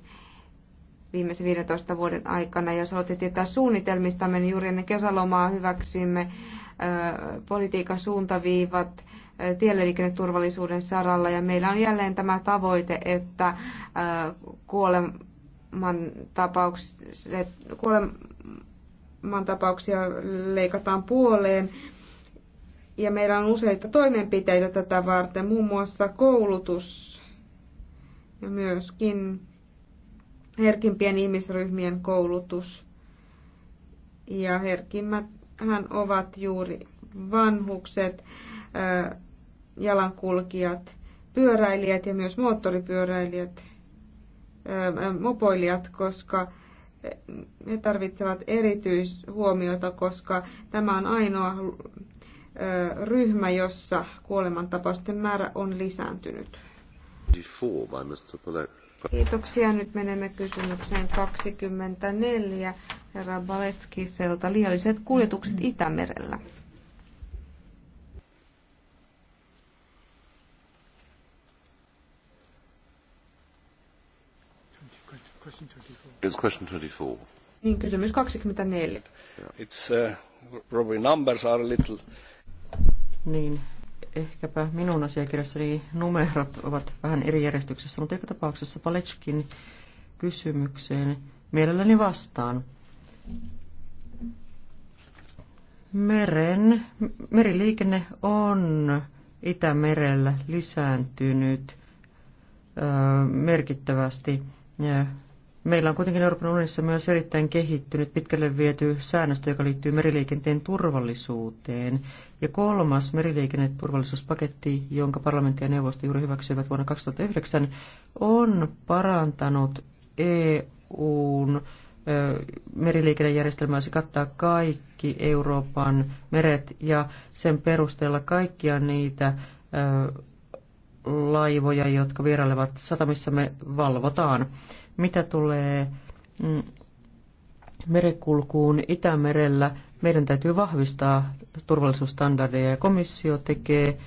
Speaker 2: viimeisen 15 vuoden aikana. Jos haluatte tietää suunnitelmistamme, niin juuri ennen kesälomaa hyväksimme politiikan suuntaviivat tieliikenneturvallisuuden saralla ja meillä on jälleen tämä tavoite, että kuoleman kuoleman tapauksia leikataan puoleen ja meillä on useita toimenpiteitä tätä varten, muun muassa koulutus ja myöskin herkimpien ihmisryhmien koulutus. Ja herkimmät hän ovat juuri vanhukset, jalankulkijat, pyöräilijät ja myös moottoripyöräilijät, mopoilijat, koska he tarvitsevat erityishuomiota, koska tämä on ainoa ryhmä, jossa kuolemantapausten määrä on lisääntynyt. Kiitoksia. Nyt menemme kysymykseen 24 herra Baletskiselta. Liialliset kuljetukset Itämerellä.
Speaker 1: It's question 24.
Speaker 2: Niin, kysymys 24.
Speaker 1: It's, uh, probably numbers are a little
Speaker 2: niin ehkäpä
Speaker 3: minun asiakirjassani numerot ovat vähän eri järjestyksessä, mutta joka tapauksessa Paletskin kysymykseen mielelläni vastaan. Meren, meriliikenne on Itämerellä lisääntynyt ö, merkittävästi Meillä on kuitenkin Euroopan unionissa myös erittäin kehittynyt, pitkälle viety säännöstö, joka liittyy meriliikenteen turvallisuuteen. Ja kolmas meriliikenneturvallisuuspaketti, jonka parlamentti ja neuvosto juuri hyväksyivät vuonna 2009, on parantanut EUn meriliikennejärjestelmää. Se kattaa kaikki Euroopan meret ja sen perusteella kaikkia niitä laivoja, jotka vierailevat satamissamme valvotaan. Mitä tulee mm, merekulkuun Itämerellä, meidän täytyy vahvistaa turvallisuusstandardeja ja komissio tekee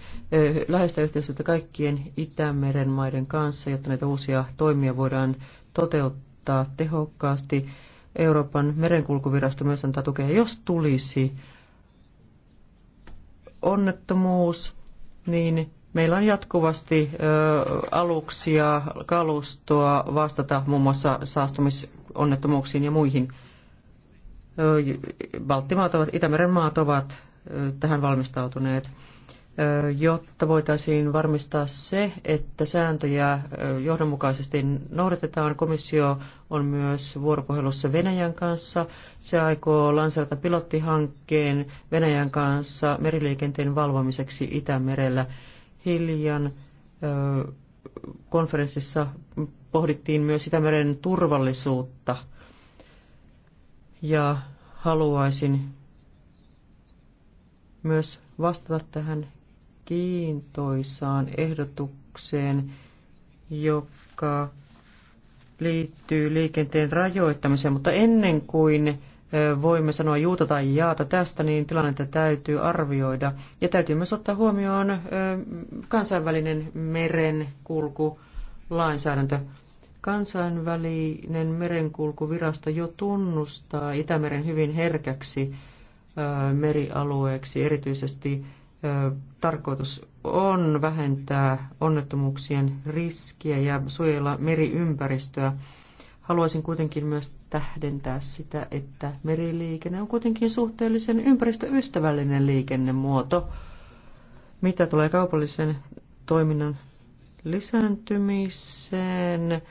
Speaker 3: läheistä yhteistyötä kaikkien Itämeren maiden kanssa, jotta näitä uusia toimia voidaan toteuttaa tehokkaasti. Euroopan merenkulkuvirasto myös antaa tukea, jos tulisi onnettomuus, niin Meillä on jatkuvasti aluksia, kalustoa vastata muun muassa saastumisonnettomuuksiin ja muihin. Baltimaat ovat, Itämeren maat ovat tähän valmistautuneet, jotta voitaisiin varmistaa se, että sääntöjä johdonmukaisesti noudatetaan. Komissio on myös vuoropuhelussa Venäjän kanssa. Se aikoo lanserata pilottihankkeen Venäjän kanssa meriliikenteen valvomiseksi Itämerellä hiljan konferenssissa pohdittiin myös Itämeren turvallisuutta. Ja haluaisin myös vastata tähän kiintoisaan ehdotukseen, joka liittyy liikenteen rajoittamiseen, mutta ennen kuin voimme sanoa juuta tai jaata tästä, niin tilannetta täytyy arvioida. Ja täytyy myös ottaa huomioon kansainvälinen merenkulku lainsäädäntö. Kansainvälinen merenkulkuvirasto jo tunnustaa Itämeren hyvin herkäksi merialueeksi. Erityisesti tarkoitus on vähentää onnettomuuksien riskiä ja suojella meriympäristöä. Haluaisin kuitenkin myös tähdentää sitä, että meriliikenne on kuitenkin suhteellisen ympäristöystävällinen liikennemuoto. Mitä tulee kaupallisen toiminnan lisääntymiseen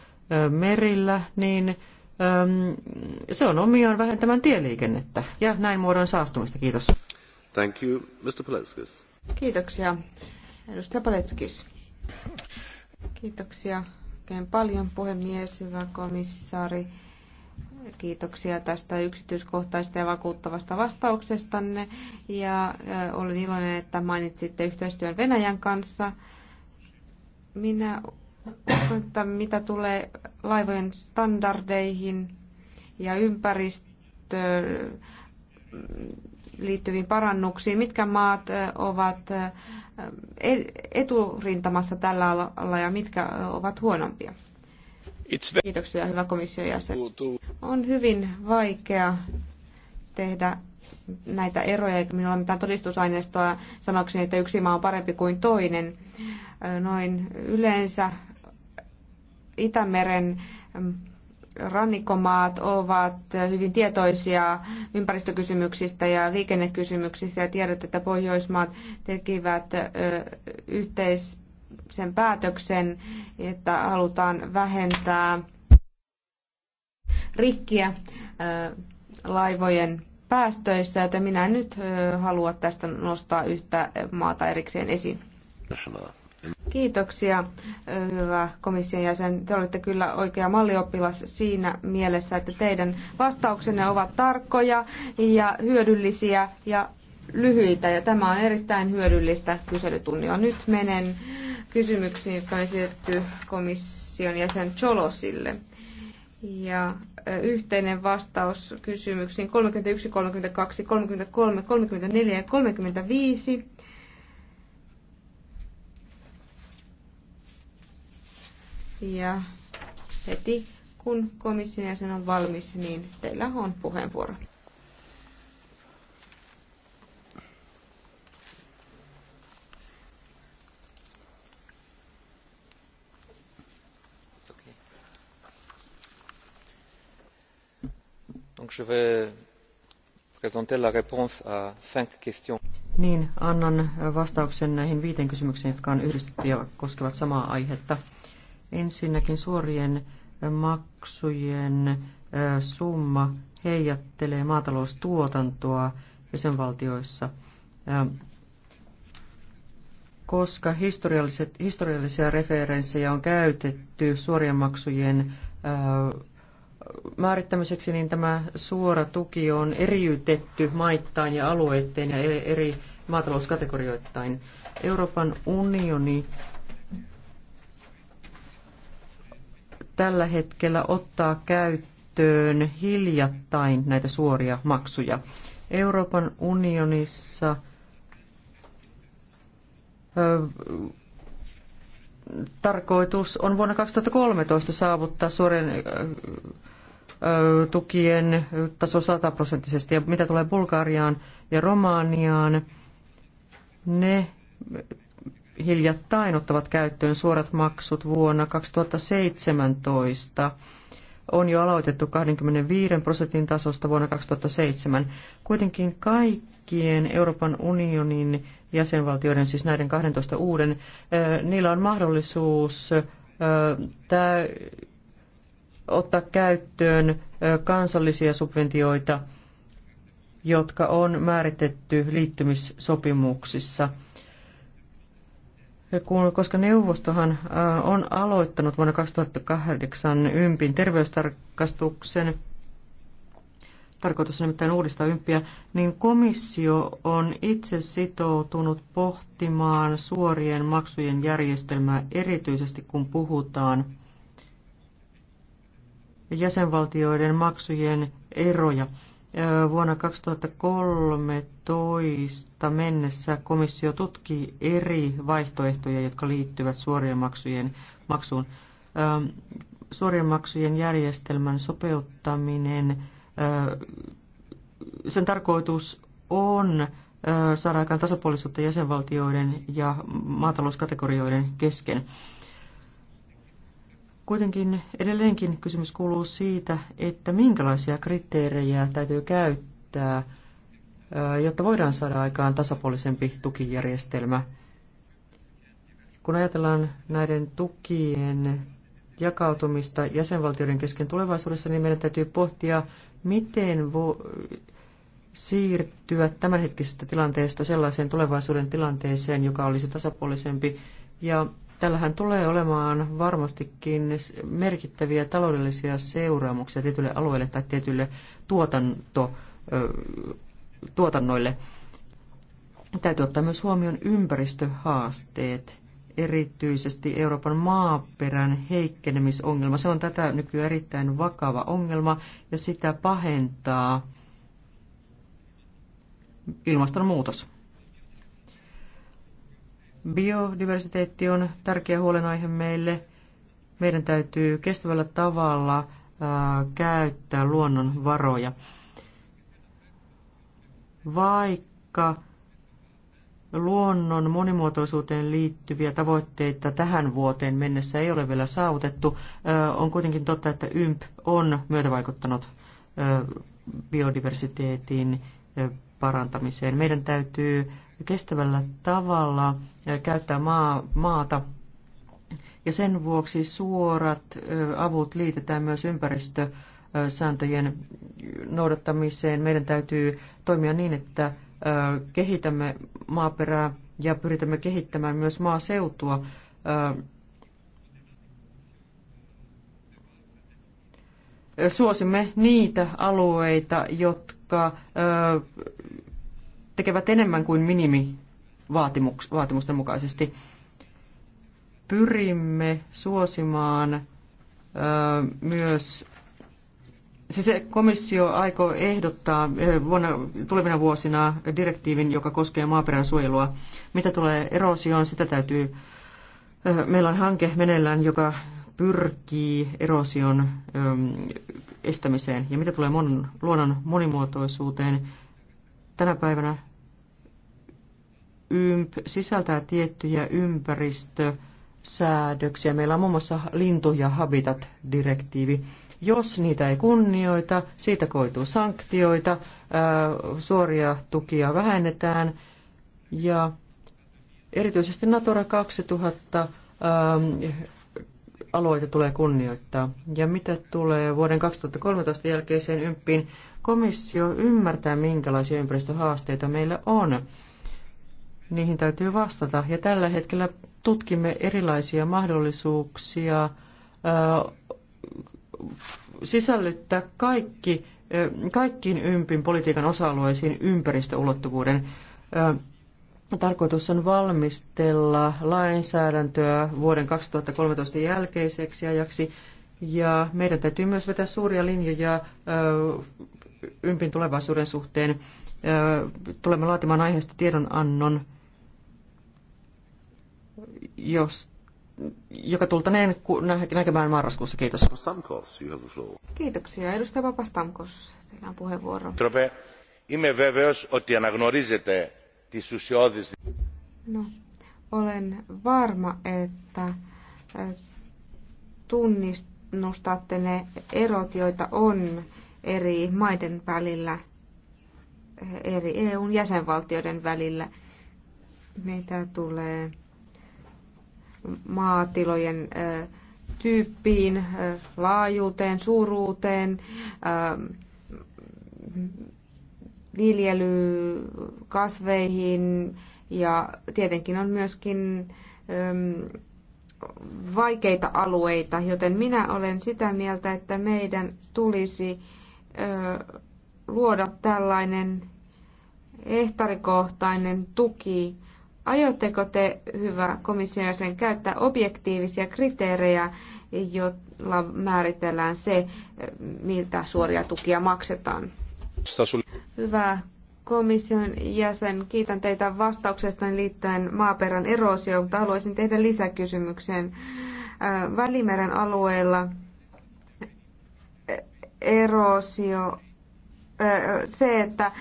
Speaker 3: merillä, niin se on omiaan vähentämään tieliikennettä ja näin muodon saastumista. Kiitos.
Speaker 1: Thank you, Mr. Paletskis.
Speaker 2: Kiitoksia. Edustaja Paletskis. Kiitoksia oikein paljon, puhemies, hyvä komissaari. Kiitoksia tästä yksityiskohtaista ja vakuuttavasta vastauksestanne. Ja olen iloinen, että mainitsitte yhteistyön Venäjän kanssa. Minä uskon, että mitä tulee laivojen standardeihin ja ympäristöön mm, liittyviin parannuksiin, mitkä maat ovat E-, eturintamassa tällä alalla ja mitkä ovat huonompia? Kiitoksia, hyvä komission jäsen. On hyvin vaikea tehdä näitä eroja, eikä minulla ole mitään todistusaineistoa sanokseni, että yksi maa on parempi kuin toinen. Noin yleensä Itämeren rannikkomaat ovat hyvin tietoisia ympäristökysymyksistä ja liikennekysymyksistä ja tiedät, että Pohjoismaat tekivät yhteisen päätöksen, että halutaan vähentää rikkiä laivojen päästöissä, joten minä en nyt halua tästä nostaa yhtä maata erikseen esiin. Kiitoksia, hyvä komission jäsen. Te olette kyllä oikea mallioppilas siinä mielessä, että teidän vastauksenne ovat tarkkoja ja hyödyllisiä ja lyhyitä. Ja tämä on erittäin hyödyllistä kyselytunnilla. Nyt menen kysymyksiin, jotka on esitetty komission jäsen Cholosille. Ja yhteinen vastaus kysymyksiin 31, 32, 33, 34 ja 35 Ja heti kun komission jäsen on valmis, niin teillä on puheenvuoro.
Speaker 4: je vais présenter la réponse à cinq questions.
Speaker 3: Niin, annan vastauksen näihin viiteen kysymykseen, jotka on yhdistetty ja koskevat samaa aihetta. Ensinnäkin suorien maksujen summa heijattelee maataloustuotantoa jäsenvaltioissa. Koska historialliset, historiallisia referenssejä on käytetty suorien maksujen määrittämiseksi, niin tämä suora tuki on eriytetty maittain ja alueittain ja eri maatalouskategorioittain. Euroopan unioni tällä hetkellä ottaa käyttöön hiljattain näitä suoria maksuja. Euroopan unionissa tarkoitus on vuonna 2013 saavuttaa suorien tukien taso sataprosenttisesti. Ja mitä tulee Bulgariaan ja Romaniaan, ne hiljattain ottavat käyttöön suorat maksut vuonna 2017 on jo aloitettu 25 prosentin tasosta vuonna 2007. Kuitenkin kaikkien Euroopan unionin jäsenvaltioiden, siis näiden 12 uuden, niillä on mahdollisuus tää, ottaa käyttöön kansallisia subventioita, jotka on määritetty liittymissopimuksissa – kun, koska neuvostohan äh, on aloittanut vuonna 2008 ympin terveystarkastuksen, tarkoitus on nimittäin uudistaa ympiä, niin komissio on itse sitoutunut pohtimaan suorien maksujen järjestelmää erityisesti kun puhutaan jäsenvaltioiden maksujen eroja. Vuonna 2013 mennessä komissio tutki eri vaihtoehtoja, jotka liittyvät suorien maksujen maksuun. Suorien maksujen järjestelmän sopeuttaminen, sen tarkoitus on saada aikaan tasapuolisuutta jäsenvaltioiden ja maatalouskategorioiden kesken. Kuitenkin edelleenkin kysymys kuuluu siitä, että minkälaisia kriteerejä täytyy käyttää, jotta voidaan saada aikaan tasapuolisempi tukijärjestelmä. Kun ajatellaan näiden tukien jakautumista jäsenvaltioiden kesken tulevaisuudessa, niin meidän täytyy pohtia, miten voi siirtyä tämänhetkisestä tilanteesta sellaiseen tulevaisuuden tilanteeseen, joka olisi tasapuolisempi. Ja Tällähän tulee olemaan varmastikin merkittäviä taloudellisia seuraamuksia tietylle alueelle tai tietylle tuotanto, tuotannoille. Täytyy ottaa myös huomioon ympäristöhaasteet, erityisesti Euroopan maaperän heikkenemisongelma. Se on tätä nykyään erittäin vakava ongelma ja sitä pahentaa ilmastonmuutos. Biodiversiteetti on tärkeä huolenaihe meille. Meidän täytyy kestävällä tavalla äh, käyttää luonnonvaroja. Vaikka luonnon monimuotoisuuteen liittyviä tavoitteita tähän vuoteen mennessä ei ole vielä saavutettu, äh, on kuitenkin totta, että YMP on myötävaikuttanut äh, biodiversiteetin parantamiseen. Meidän täytyy kestävällä tavalla käyttää maa, maata. Ja sen vuoksi suorat avut liitetään myös ympäristösääntöjen noudattamiseen. Meidän täytyy toimia niin, että kehitämme maaperää ja pyritämme kehittämään myös maaseutua. Suosimme niitä alueita, jotka tekevät enemmän kuin vaatimusten mukaisesti. Pyrimme suosimaan myös, siis komissio aikoo ehdottaa vuonna, tulevina vuosina direktiivin, joka koskee maaperän suojelua. Mitä tulee erosioon, sitä täytyy, meillä on hanke meneillään, joka pyrkii erosion estämiseen. Ja mitä tulee mon, luonnon monimuotoisuuteen, tänä päivänä ymp, sisältää tiettyjä ympäristösäädöksiä. Meillä on muun muassa lintu- ja habitat-direktiivi. Jos niitä ei kunnioita, siitä koituu sanktioita, suoria tukia vähennetään ja erityisesti Natura 2000 aloite tulee kunnioittaa. Ja mitä tulee vuoden 2013 jälkeiseen ympiin, komissio ymmärtää, minkälaisia ympäristöhaasteita meillä on niihin täytyy vastata. Ja tällä hetkellä tutkimme erilaisia mahdollisuuksia sisällyttää kaikki, kaikkiin ympin politiikan osa-alueisiin ympäristöulottuvuuden. Tarkoitus on valmistella lainsäädäntöä vuoden 2013 jälkeiseksi ajaksi, ja meidän täytyy myös vetää suuria linjoja ympin tulevaisuuden suhteen. Tulemme laatimaan aiheesta tiedonannon jos, joka tultaneen näkemään marraskuussa. Kiitos.
Speaker 2: Kiitoksia. Edustaja Papastamkos, teillä on puheenvuoro.
Speaker 1: Είμαι βέβαιος ότι αναγνωρίζετε τις ουσιώδεις...
Speaker 2: No, olen varma, että tunnistatte ne erot, joita on eri maiden välillä, eri eu jäsenvaltioiden välillä, mitä tulee maatilojen tyyppiin, laajuuteen, suuruuteen, viljelykasveihin ja tietenkin on myöskin vaikeita alueita, joten minä olen sitä mieltä, että meidän tulisi luoda tällainen ehtarikohtainen tuki Aiotteko te, hyvä komission jäsen, käyttää objektiivisia kriteerejä, joilla määritellään se, miltä suoria tukia maksetaan? Hyvä komission jäsen, kiitän teitä vastauksestani liittyen maaperän erosioon, mutta haluaisin tehdä lisäkysymyksen. Äh, Välimeren alueella äh, erosio se, että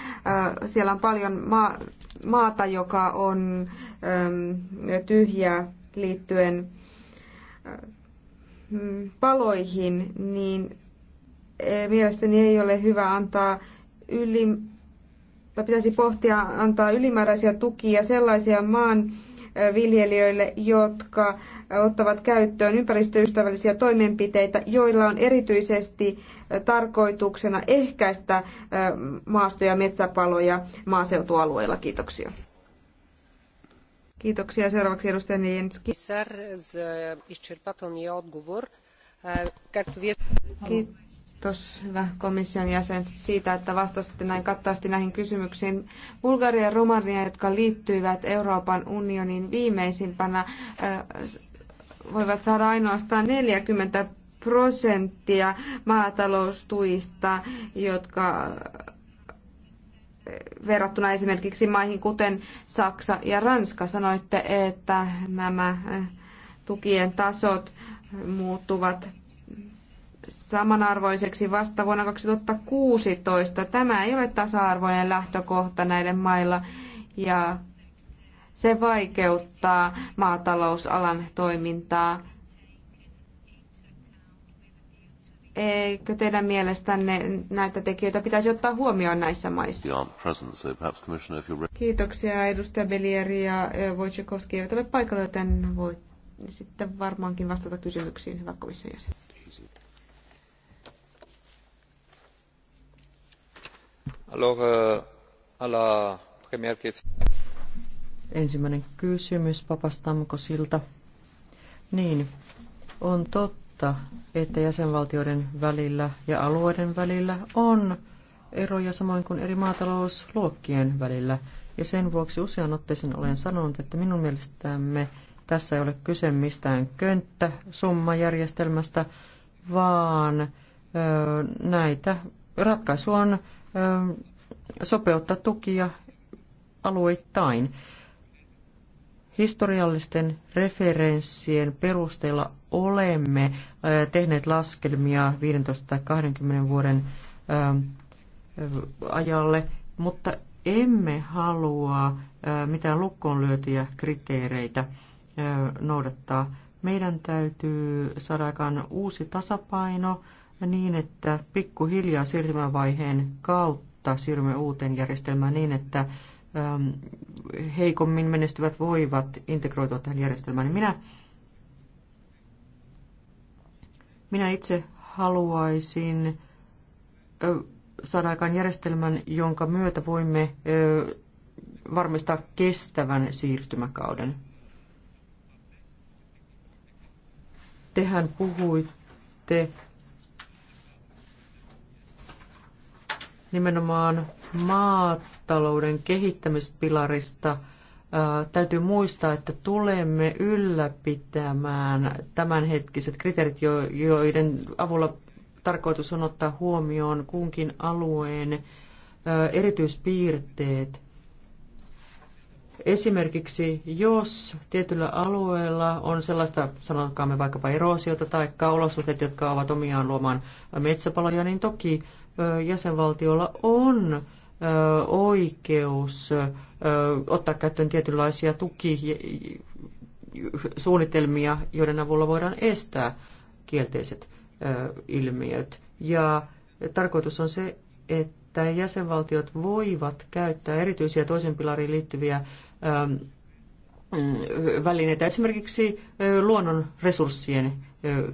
Speaker 2: siellä on paljon maata, joka on tyhjä liittyen paloihin, niin e, mielestäni ei ole hyvä antaa yli, tai pitäisi pohtia antaa ylimääräisiä tukia sellaisia maan viljelijöille, jotka ottavat käyttöön ympäristöystävällisiä toimenpiteitä, joilla on erityisesti tarkoituksena ehkäistä maasto- ja metsäpaloja maaseutualueilla. Kiitoksia. Kiitoksia. Seuraavaksi edustaja Nijenski.
Speaker 4: Kiitos.
Speaker 2: Kiitos hyvä komission jäsen siitä, että vastasitte näin kattaasti näihin kysymyksiin. Bulgaria ja Romania, jotka liittyivät Euroopan unionin viimeisimpänä, voivat saada ainoastaan 40 prosenttia maataloustuista, jotka verrattuna esimerkiksi maihin kuten Saksa ja Ranska. Sanoitte, että nämä tukien tasot muuttuvat samanarvoiseksi vasta vuonna 2016. Tämä ei ole tasa-arvoinen lähtökohta näille mailla ja se vaikeuttaa maatalousalan toimintaa. Eikö teidän mielestänne näitä tekijöitä pitäisi ottaa huomioon näissä maissa? Kiitoksia edustaja Belieri ja eh, Wojciechowski joita ole paikalla, joten voit sitten varmaankin vastata kysymyksiin, hyvä komission jäsen.
Speaker 1: Euh,
Speaker 3: Ensimmäinen kysymys Papastamkosilta. Niin, on totta, että jäsenvaltioiden välillä ja alueiden välillä on eroja samoin kuin eri maatalousluokkien välillä. Ja sen vuoksi usean otteeseen olen sanonut, että minun mielestämme tässä ei ole kyse mistään könttäsummajärjestelmästä, vaan ö, näitä ratkaisu on sopeuttaa tukia alueittain. Historiallisten referenssien perusteella olemme tehneet laskelmia 15 tai 20 vuoden ajalle, mutta emme halua mitään lukkoon lyötyjä kriteereitä noudattaa. Meidän täytyy saada aikaan uusi tasapaino niin, että pikkuhiljaa siirtymävaiheen kautta siirrymme uuteen järjestelmään niin, että ähm, heikommin menestyvät voivat integroitua tähän järjestelmään. Minä, minä itse haluaisin saada aikaan järjestelmän, jonka myötä voimme varmistaa kestävän siirtymäkauden. Tehän puhuitte nimenomaan maatalouden kehittämispilarista täytyy muistaa, että tulemme ylläpitämään tämänhetkiset kriteerit, joiden avulla tarkoitus on ottaa huomioon kunkin alueen erityispiirteet. Esimerkiksi jos tietyllä alueella on sellaista, sanotaan me vaikkapa erosiota tai olosuhteet, jotka ovat omiaan luomaan metsäpaloja, niin toki jäsenvaltiolla on oikeus ottaa käyttöön tietynlaisia tukisuunnitelmia, joiden avulla voidaan estää kielteiset ilmiöt. Ja tarkoitus on se, että jäsenvaltiot voivat käyttää erityisiä toisen pilariin liittyviä välineitä esimerkiksi luonnon resurssien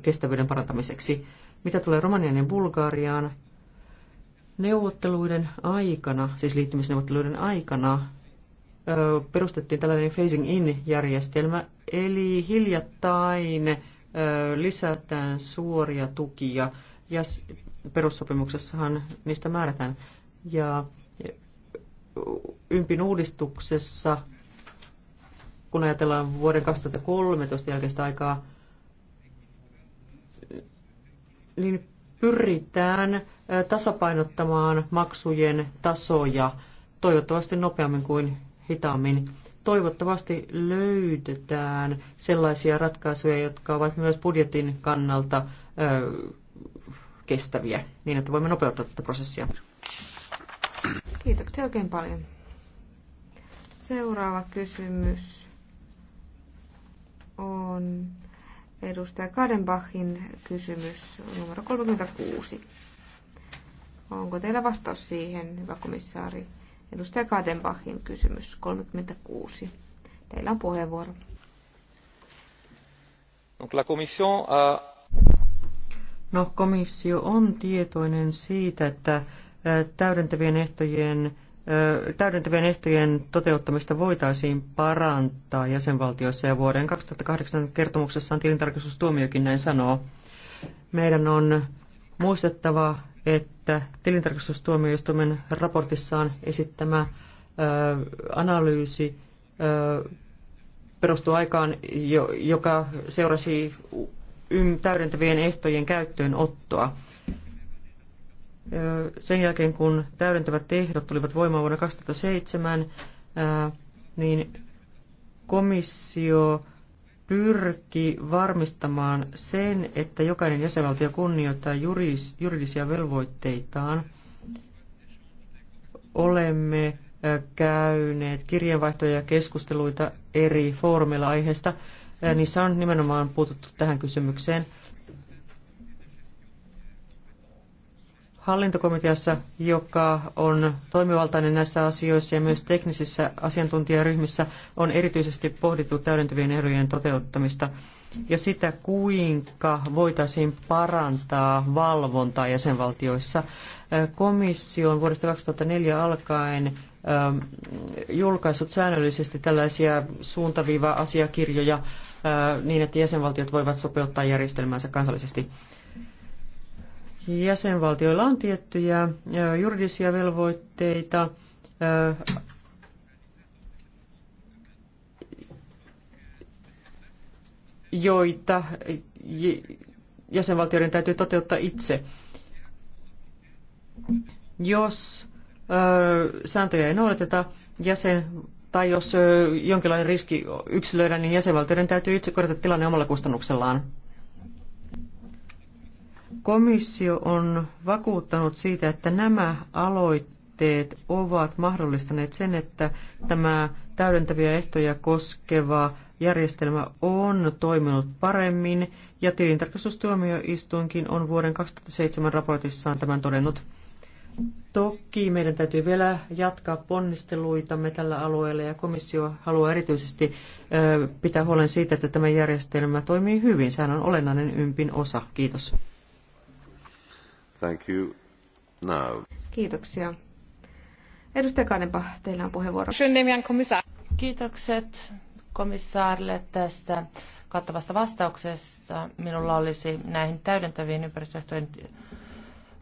Speaker 3: kestävyyden parantamiseksi. Mitä tulee Romanian ja Bulgariaan, Neuvotteluiden aikana, siis liittymisneuvotteluiden aikana, perustettiin tällainen phasing in-järjestelmä, eli hiljattain lisätään suoria tukia, ja perussopimuksessahan niistä määrätään. Ja ympin uudistuksessa, kun ajatellaan vuoden 2013 jälkeistä aikaa, niin pyritään tasapainottamaan maksujen tasoja toivottavasti nopeammin kuin hitaammin. Toivottavasti löydetään sellaisia ratkaisuja, jotka ovat myös budjetin kannalta ö, kestäviä, niin että voimme nopeuttaa tätä prosessia.
Speaker 2: Kiitoksia oikein paljon. Seuraava kysymys on Edustaja Kadenbachin kysymys numero 36. Onko teillä vastaus siihen, hyvä komissaari? Edustaja Kadenbachin kysymys 36. Teillä on puheenvuoro.
Speaker 4: Donc la commission a...
Speaker 2: No komissio on
Speaker 3: tietoinen siitä, että täydentävien ehtojen täydentävien ehtojen toteuttamista voitaisiin parantaa jäsenvaltioissa ja vuoden 2008 kertomuksessaan tilintarkastustuomiokin näin sanoo. Meidän on muistettava, että tilintarkastustuomioistuimen raportissaan esittämä analyysi perustuu aikaan, joka seurasi täydentävien ehtojen käyttöönottoa sen jälkeen, kun täydentävät ehdot tulivat voimaan vuonna 2007, niin komissio pyrki varmistamaan sen, että jokainen jäsenvaltio kunnioittaa juridisia velvoitteitaan. Olemme käyneet kirjeenvaihtoja ja keskusteluita eri foorumeilla aiheesta. Niissä on nimenomaan puututtu tähän kysymykseen – hallintokomiteassa, joka on toimivaltainen näissä asioissa ja myös teknisissä asiantuntijaryhmissä, on erityisesti pohdittu täydentävien ehdojen toteuttamista ja sitä, kuinka voitaisiin parantaa valvontaa jäsenvaltioissa. Komissio on vuodesta 2004 alkaen ähm, julkaissut säännöllisesti tällaisia suuntaviiva-asiakirjoja äh, niin, että jäsenvaltiot voivat sopeuttaa järjestelmäänsä kansallisesti jäsenvaltioilla on tiettyjä juridisia velvoitteita joita jäsenvaltioiden täytyy toteuttaa itse. Jos sääntöjä ei noudateta, jäsen, tai jos jonkinlainen riski yksilöidään, niin jäsenvaltioiden täytyy itse korjata tilanne omalla kustannuksellaan. Komissio on vakuuttanut siitä, että nämä aloitteet ovat mahdollistaneet sen, että tämä täydentäviä ehtoja koskeva järjestelmä on toiminut paremmin ja tilintarkastustuomioistuinkin on vuoden 2007 raportissaan tämän todennut. Toki meidän täytyy vielä jatkaa ponnisteluitamme tällä alueella ja komissio haluaa erityisesti pitää huolen siitä, että tämä
Speaker 2: järjestelmä
Speaker 3: toimii hyvin. Sehän on olennainen ympin osa. Kiitos.
Speaker 1: Thank you. Now.
Speaker 4: Kiitoksia. Edustaja Kanepa, teillä on puheenvuoro. Kiitokset komissaarille tästä kattavasta vastauksesta. Minulla olisi näihin täydentäviin ympäristöehtoihin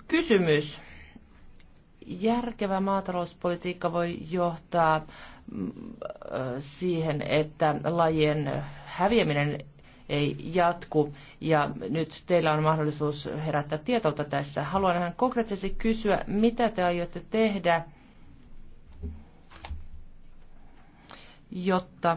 Speaker 4: kysymys. Järkevä maatalouspolitiikka voi johtaa mm, äh, siihen, että lajien häviäminen ei jatku. Ja nyt teillä on mahdollisuus herättää tietoutta tässä. Haluan ihan konkreettisesti kysyä, mitä te aiotte tehdä, jotta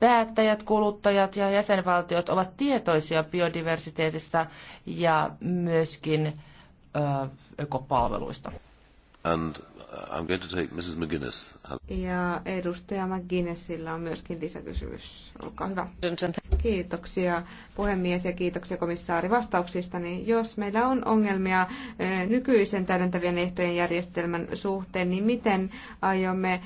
Speaker 4: päättäjät, kuluttajat ja jäsenvaltiot ovat tietoisia biodiversiteetistä ja myöskin ö, ökopalveluista.
Speaker 1: And uh, I'm going to take Mrs. McGuinness.
Speaker 4: Ja edustaja McGuinnessillä
Speaker 2: on myöskin lisäkysymys. Olkaa hyvä. Kiitoksia puhemies ja kiitoksia komissaari vastauksista. Niin jos meillä on ongelmia eh, nykyisen täydentävien ehtojen järjestelmän suhteen, niin miten aiomme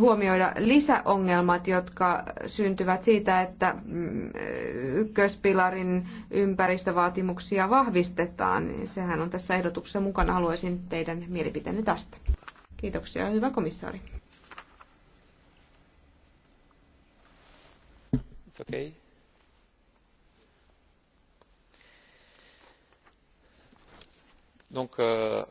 Speaker 2: huomioida lisäongelmat, jotka syntyvät siitä, että mm, ykköspilarin ympäristövaatimuksia vahvistetaan. Sehän on tässä ehdotuksessa mukana. Haluaisin teidän mielipiteenne tästä. Kiitoksia, hyvä komissaari.
Speaker 4: It's okay. Donc, euh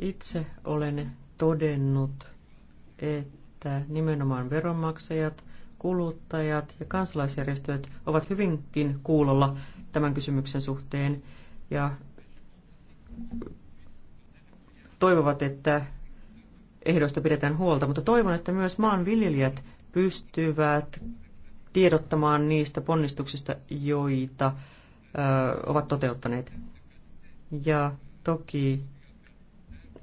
Speaker 3: itse olen todennut, että nimenomaan veronmaksajat, kuluttajat ja kansalaisjärjestöt ovat hyvinkin kuulolla tämän kysymyksen suhteen ja toivovat, että ehdoista pidetään huolta, mutta toivon, että myös maanviljelijät pystyvät tiedottamaan niistä ponnistuksista, joita ö, ovat toteuttaneet. Ja toki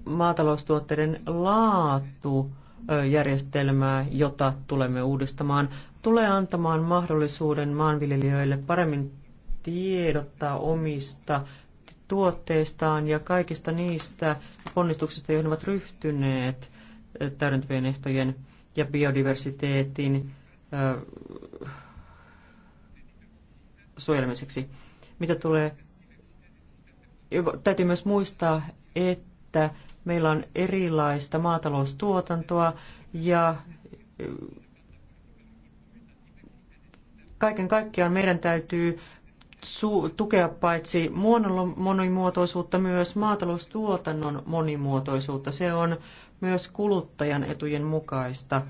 Speaker 3: maataloustuotteiden laatujärjestelmää, jota tulemme uudistamaan, tulee antamaan mahdollisuuden maanviljelijöille paremmin tiedottaa omista tuotteistaan ja kaikista niistä ponnistuksista, joihin ovat ryhtyneet eh, täydentävien ehtojen ja biodiversiteetin eh, suojelemiseksi. Mitä tulee, täytyy myös muistaa, että Meillä on erilaista maataloustuotantoa ja kaiken kaikkiaan meidän täytyy tukea paitsi muodon monimuotoisuutta myös maataloustuotannon monimuotoisuutta. Se on myös kuluttajan etujen mukaista.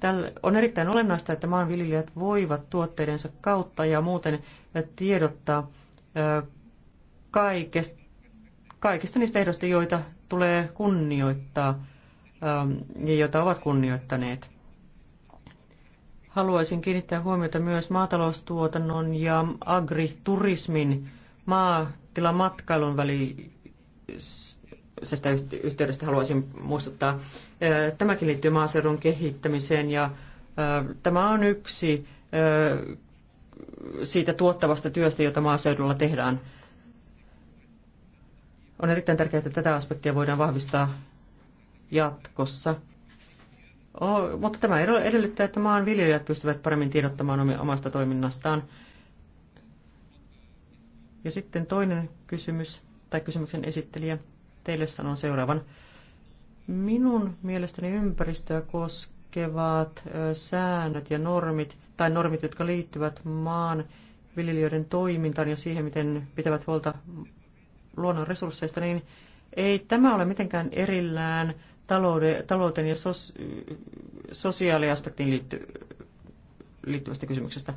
Speaker 3: Tällä on erittäin olennaista, että maanviljelijät voivat tuotteidensa kautta ja muuten tiedottaa kaikesta, kaikista niistä ehdoista, joita tulee kunnioittaa ähm, ja jota ovat kunnioittaneet. Haluaisin kiinnittää huomiota myös maataloustuotannon ja agriturismin maatilamatkailun välisestä yhteydestä haluaisin muistuttaa. Äh, tämäkin liittyy maaseudun kehittämiseen ja äh, tämä on yksi äh, siitä tuottavasta työstä, jota maaseudulla tehdään on erittäin tärkeää, että tätä aspektia voidaan vahvistaa jatkossa. O, mutta tämä edellyttää, että maanviljelijät pystyvät paremmin tiedottamaan omasta toiminnastaan. Ja sitten toinen kysymys, tai kysymyksen esittelijä, teille sanon seuraavan. Minun mielestäni ympäristöä koskevat säännöt ja normit, tai normit, jotka liittyvät maan viljelijöiden toimintaan ja siihen, miten pitävät huolta luonnon resursseista, niin ei tämä ole mitenkään erillään talouden, talouteen ja sos, sosiaaliaspektiin liitty, liittyvästä kysymyksestä.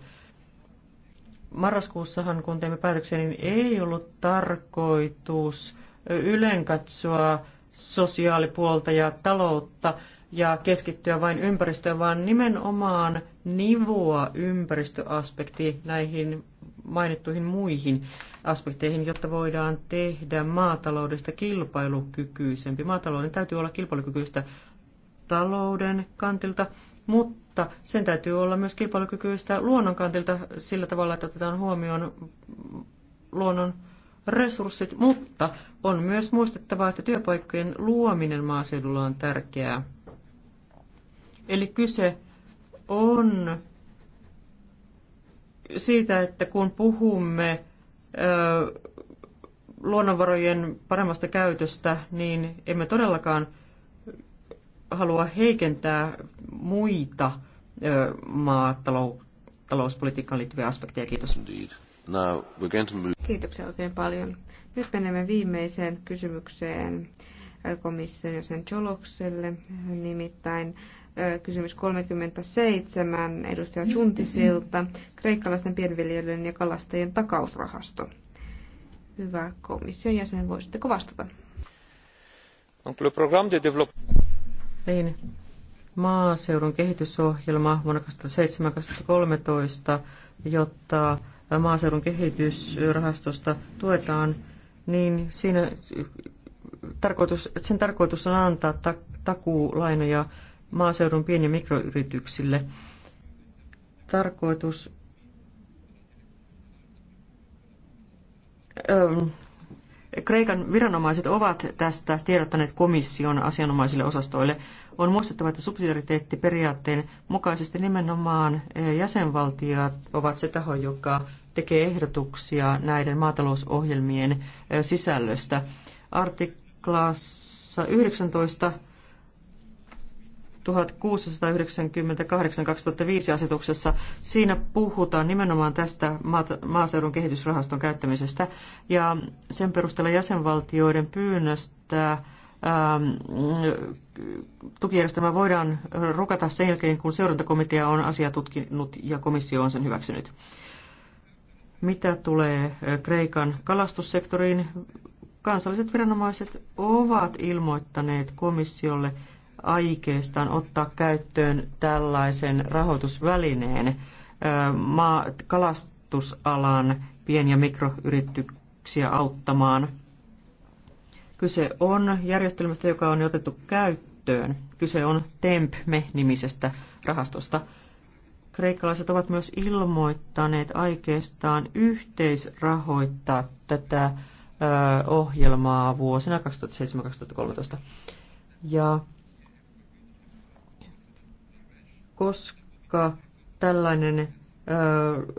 Speaker 3: Marraskuussahan, kun teimme päätöksiä, niin ei ollut tarkoitus ylenkatsoa sosiaalipuolta ja taloutta ja keskittyä vain ympäristöön, vaan nimenomaan nivoa ympäristöaspekti näihin mainittuihin muihin aspekteihin, jotta voidaan tehdä maataloudesta kilpailukykyisempi. Maatalouden täytyy olla kilpailukykyistä talouden kantilta, mutta sen täytyy olla myös kilpailukykyistä luonnon kantilta sillä tavalla, että otetaan huomioon luonnon resurssit, mutta on myös muistettava, että työpaikkojen luominen maaseudulla on tärkeää. Eli kyse on siitä, että kun puhumme luonnonvarojen paremmasta käytöstä, niin emme todellakaan halua heikentää muita maatalouspolitiikkaan liittyviä
Speaker 1: aspekteja. Kiitos. Now we're going to move.
Speaker 2: Kiitoksia oikein paljon. Nyt menemme viimeiseen kysymykseen komission jäsen Jolokselle, nimittäin kysymys 37 edustaja Chuntisilta, kreikkalaisten pienviljelijöiden ja kalastajien takausrahasto. Hyvä komission jäsen, voisitteko vastata? Niin.
Speaker 3: Maaseudun kehitysohjelma vuonna 2007-2013, jotta maaseudun kehitysrahastosta tuetaan, niin siinä tarkoitus, sen tarkoitus on antaa takuulainoja maaseudun pien- ja mikroyrityksille. Tarkoitus ähm, Kreikan viranomaiset ovat tästä tiedottaneet komission asianomaisille osastoille. On muistettava, että subsidiariteettiperiaatteen mukaisesti nimenomaan äh, jäsenvaltiot ovat se taho, joka tekee ehdotuksia näiden maatalousohjelmien äh, sisällöstä. Artiklassa 19 1698-2005 asetuksessa. Siinä puhutaan nimenomaan tästä maaseudun kehitysrahaston käyttämisestä ja sen perusteella jäsenvaltioiden pyynnöstä ähm, tukijärjestelmä voidaan rukata sen jälkeen, kun seurantakomitea on asiaa tutkinut ja komissio on sen hyväksynyt. Mitä tulee äh, Kreikan kalastussektoriin, kansalliset viranomaiset ovat ilmoittaneet komissiolle aikeistaan ottaa käyttöön tällaisen rahoitusvälineen maa, kalastusalan pien- ja mikroyrityksiä auttamaan. Kyse on järjestelmästä, joka on otettu käyttöön. Kyse on TEMPME-nimisestä rahastosta. Kreikkalaiset ovat myös ilmoittaneet aikeistaan yhteisrahoittaa tätä ohjelmaa vuosina 2007-2013. Ja koska tällainen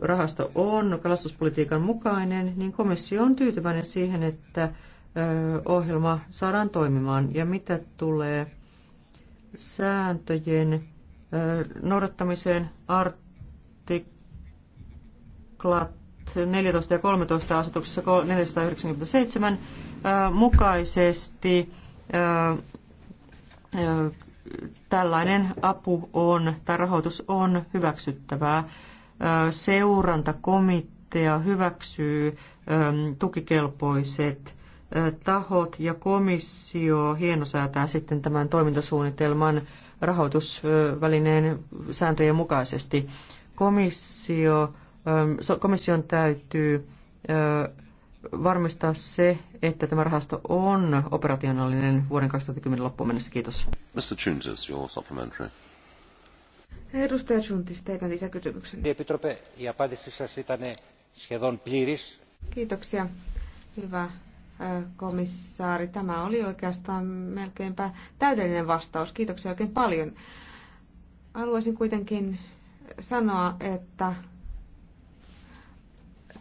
Speaker 3: rahasto on kalastuspolitiikan mukainen, niin komissio on tyytyväinen siihen, että ohjelma saadaan toimimaan. Ja mitä tulee sääntöjen noudattamiseen, artiklat 14 ja 13 asetuksessa 497 mukaisesti tällainen apu on tai rahoitus on hyväksyttävää. Seurantakomitea hyväksyy tukikelpoiset tahot ja komissio hienosäätää sitten tämän toimintasuunnitelman rahoitusvälineen sääntöjen mukaisesti. Komissio, komission täytyy varmistaa se, että tämä rahasto on operationaalinen vuoden 2010 loppuun mennessä. Kiitos.
Speaker 1: Mr. Chuntis, your supplementary.
Speaker 2: Edustaja Chuntis, teidän lisäkysymyksen.
Speaker 4: Epitrope, η απάντησή σας ήταν σχεδόν πλήρης.
Speaker 2: Kiitoksia, hyvä komissaari. Tämä oli oikeastaan melkeinpä täydellinen vastaus. Kiitoksia oikein paljon. Haluaisin kuitenkin sanoa, että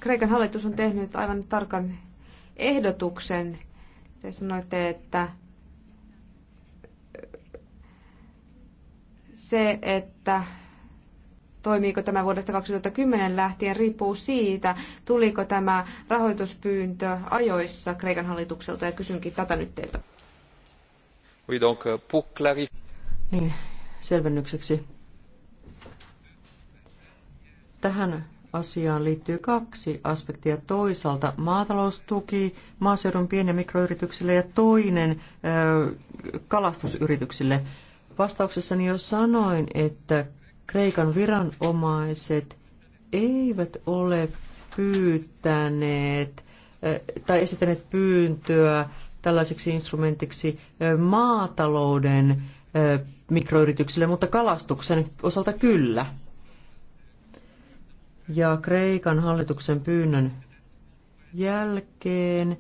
Speaker 2: Kreikan hallitus on tehnyt aivan tarkan ehdotuksen. Te sanoitte, että se, että toimiiko tämä vuodesta 2010 lähtien, riippuu siitä, tuliko tämä rahoituspyyntö ajoissa Kreikan hallitukselta, ja kysynkin tätä nyt teiltä.
Speaker 4: Oui, donc, euh, pour clarif-
Speaker 2: niin,
Speaker 3: selvennykseksi. Tähän asiaan liittyy kaksi aspektia. Toisaalta maataloustuki maaseudun pien- ja mikroyrityksille ja toinen kalastusyrityksille. Vastauksessani jo sanoin, että Kreikan viranomaiset eivät ole pyytäneet tai esittäneet pyyntöä tällaiseksi instrumentiksi maatalouden mikroyrityksille, mutta kalastuksen osalta kyllä ja Kreikan hallituksen pyynnön jälkeen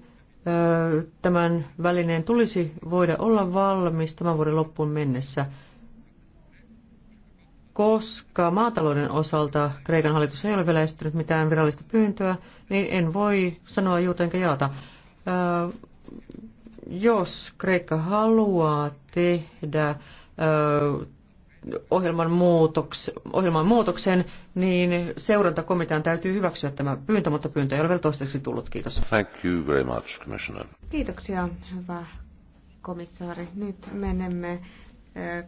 Speaker 3: tämän välineen tulisi voida olla valmis tämän vuoden loppuun mennessä, koska maatalouden osalta Kreikan hallitus ei ole vielä esittänyt mitään virallista pyyntöä, niin en voi sanoa juuta jaata. Jos Kreikka haluaa tehdä ohjelman, muutoks, ohjelman muutoksen, niin seurantakomitean täytyy hyväksyä tämä pyyntö, mutta pyyntö ei ole vielä toistaiseksi tullut. Kiitos.
Speaker 1: Thank you very much, Commissioner.
Speaker 2: Kiitoksia, hyvä komissaari. Nyt menemme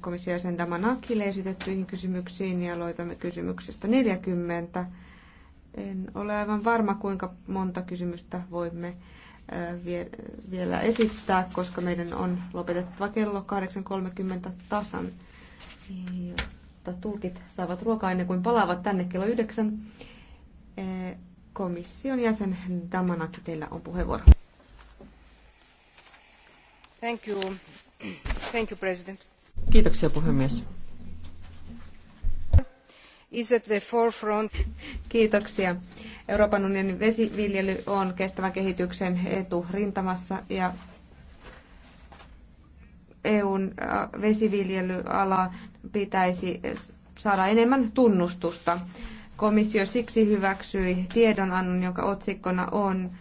Speaker 2: komission jäsen Damanakille esitettyihin kysymyksiin ja aloitamme kysymyksestä 40. En ole aivan varma, kuinka monta kysymystä voimme vielä esittää, koska meidän on lopetettava kello 8.30 tasan jotta tulkit saavat ruokaa ennen kuin palaavat tänne kello yhdeksän. E, komission jäsen Damanak, teillä on puheenvuoro. Thank you. Thank you, President.
Speaker 3: Kiitoksia puhemies.
Speaker 2: Is at the forefront. Kiitoksia. Euroopan unionin vesiviljely on kestävän kehityksen rintamassa ja EUn vesiviljelyala pitäisi saada enemmän tunnustusta. Komissio siksi hyväksyi tiedonannon, jonka otsikkona on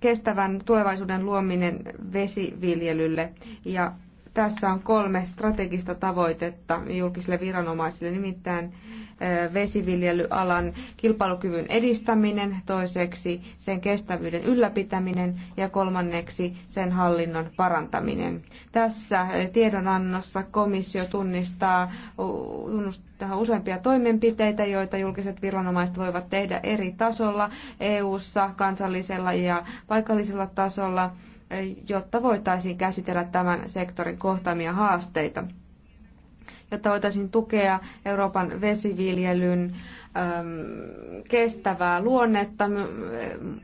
Speaker 2: kestävän tulevaisuuden luominen vesiviljelylle ja tässä on kolme strategista tavoitetta julkisille viranomaisille, nimittäin vesiviljelyalan kilpailukyvyn edistäminen, toiseksi sen kestävyyden ylläpitäminen ja kolmanneksi sen hallinnon parantaminen. Tässä tiedonannossa komissio tunnistaa, useampia toimenpiteitä, joita julkiset viranomaiset voivat tehdä eri tasolla, EU-ssa, kansallisella ja paikallisella tasolla jotta voitaisiin käsitellä tämän sektorin kohtaamia haasteita jotta voitaisiin tukea Euroopan vesiviljelyn kestävää luonnetta,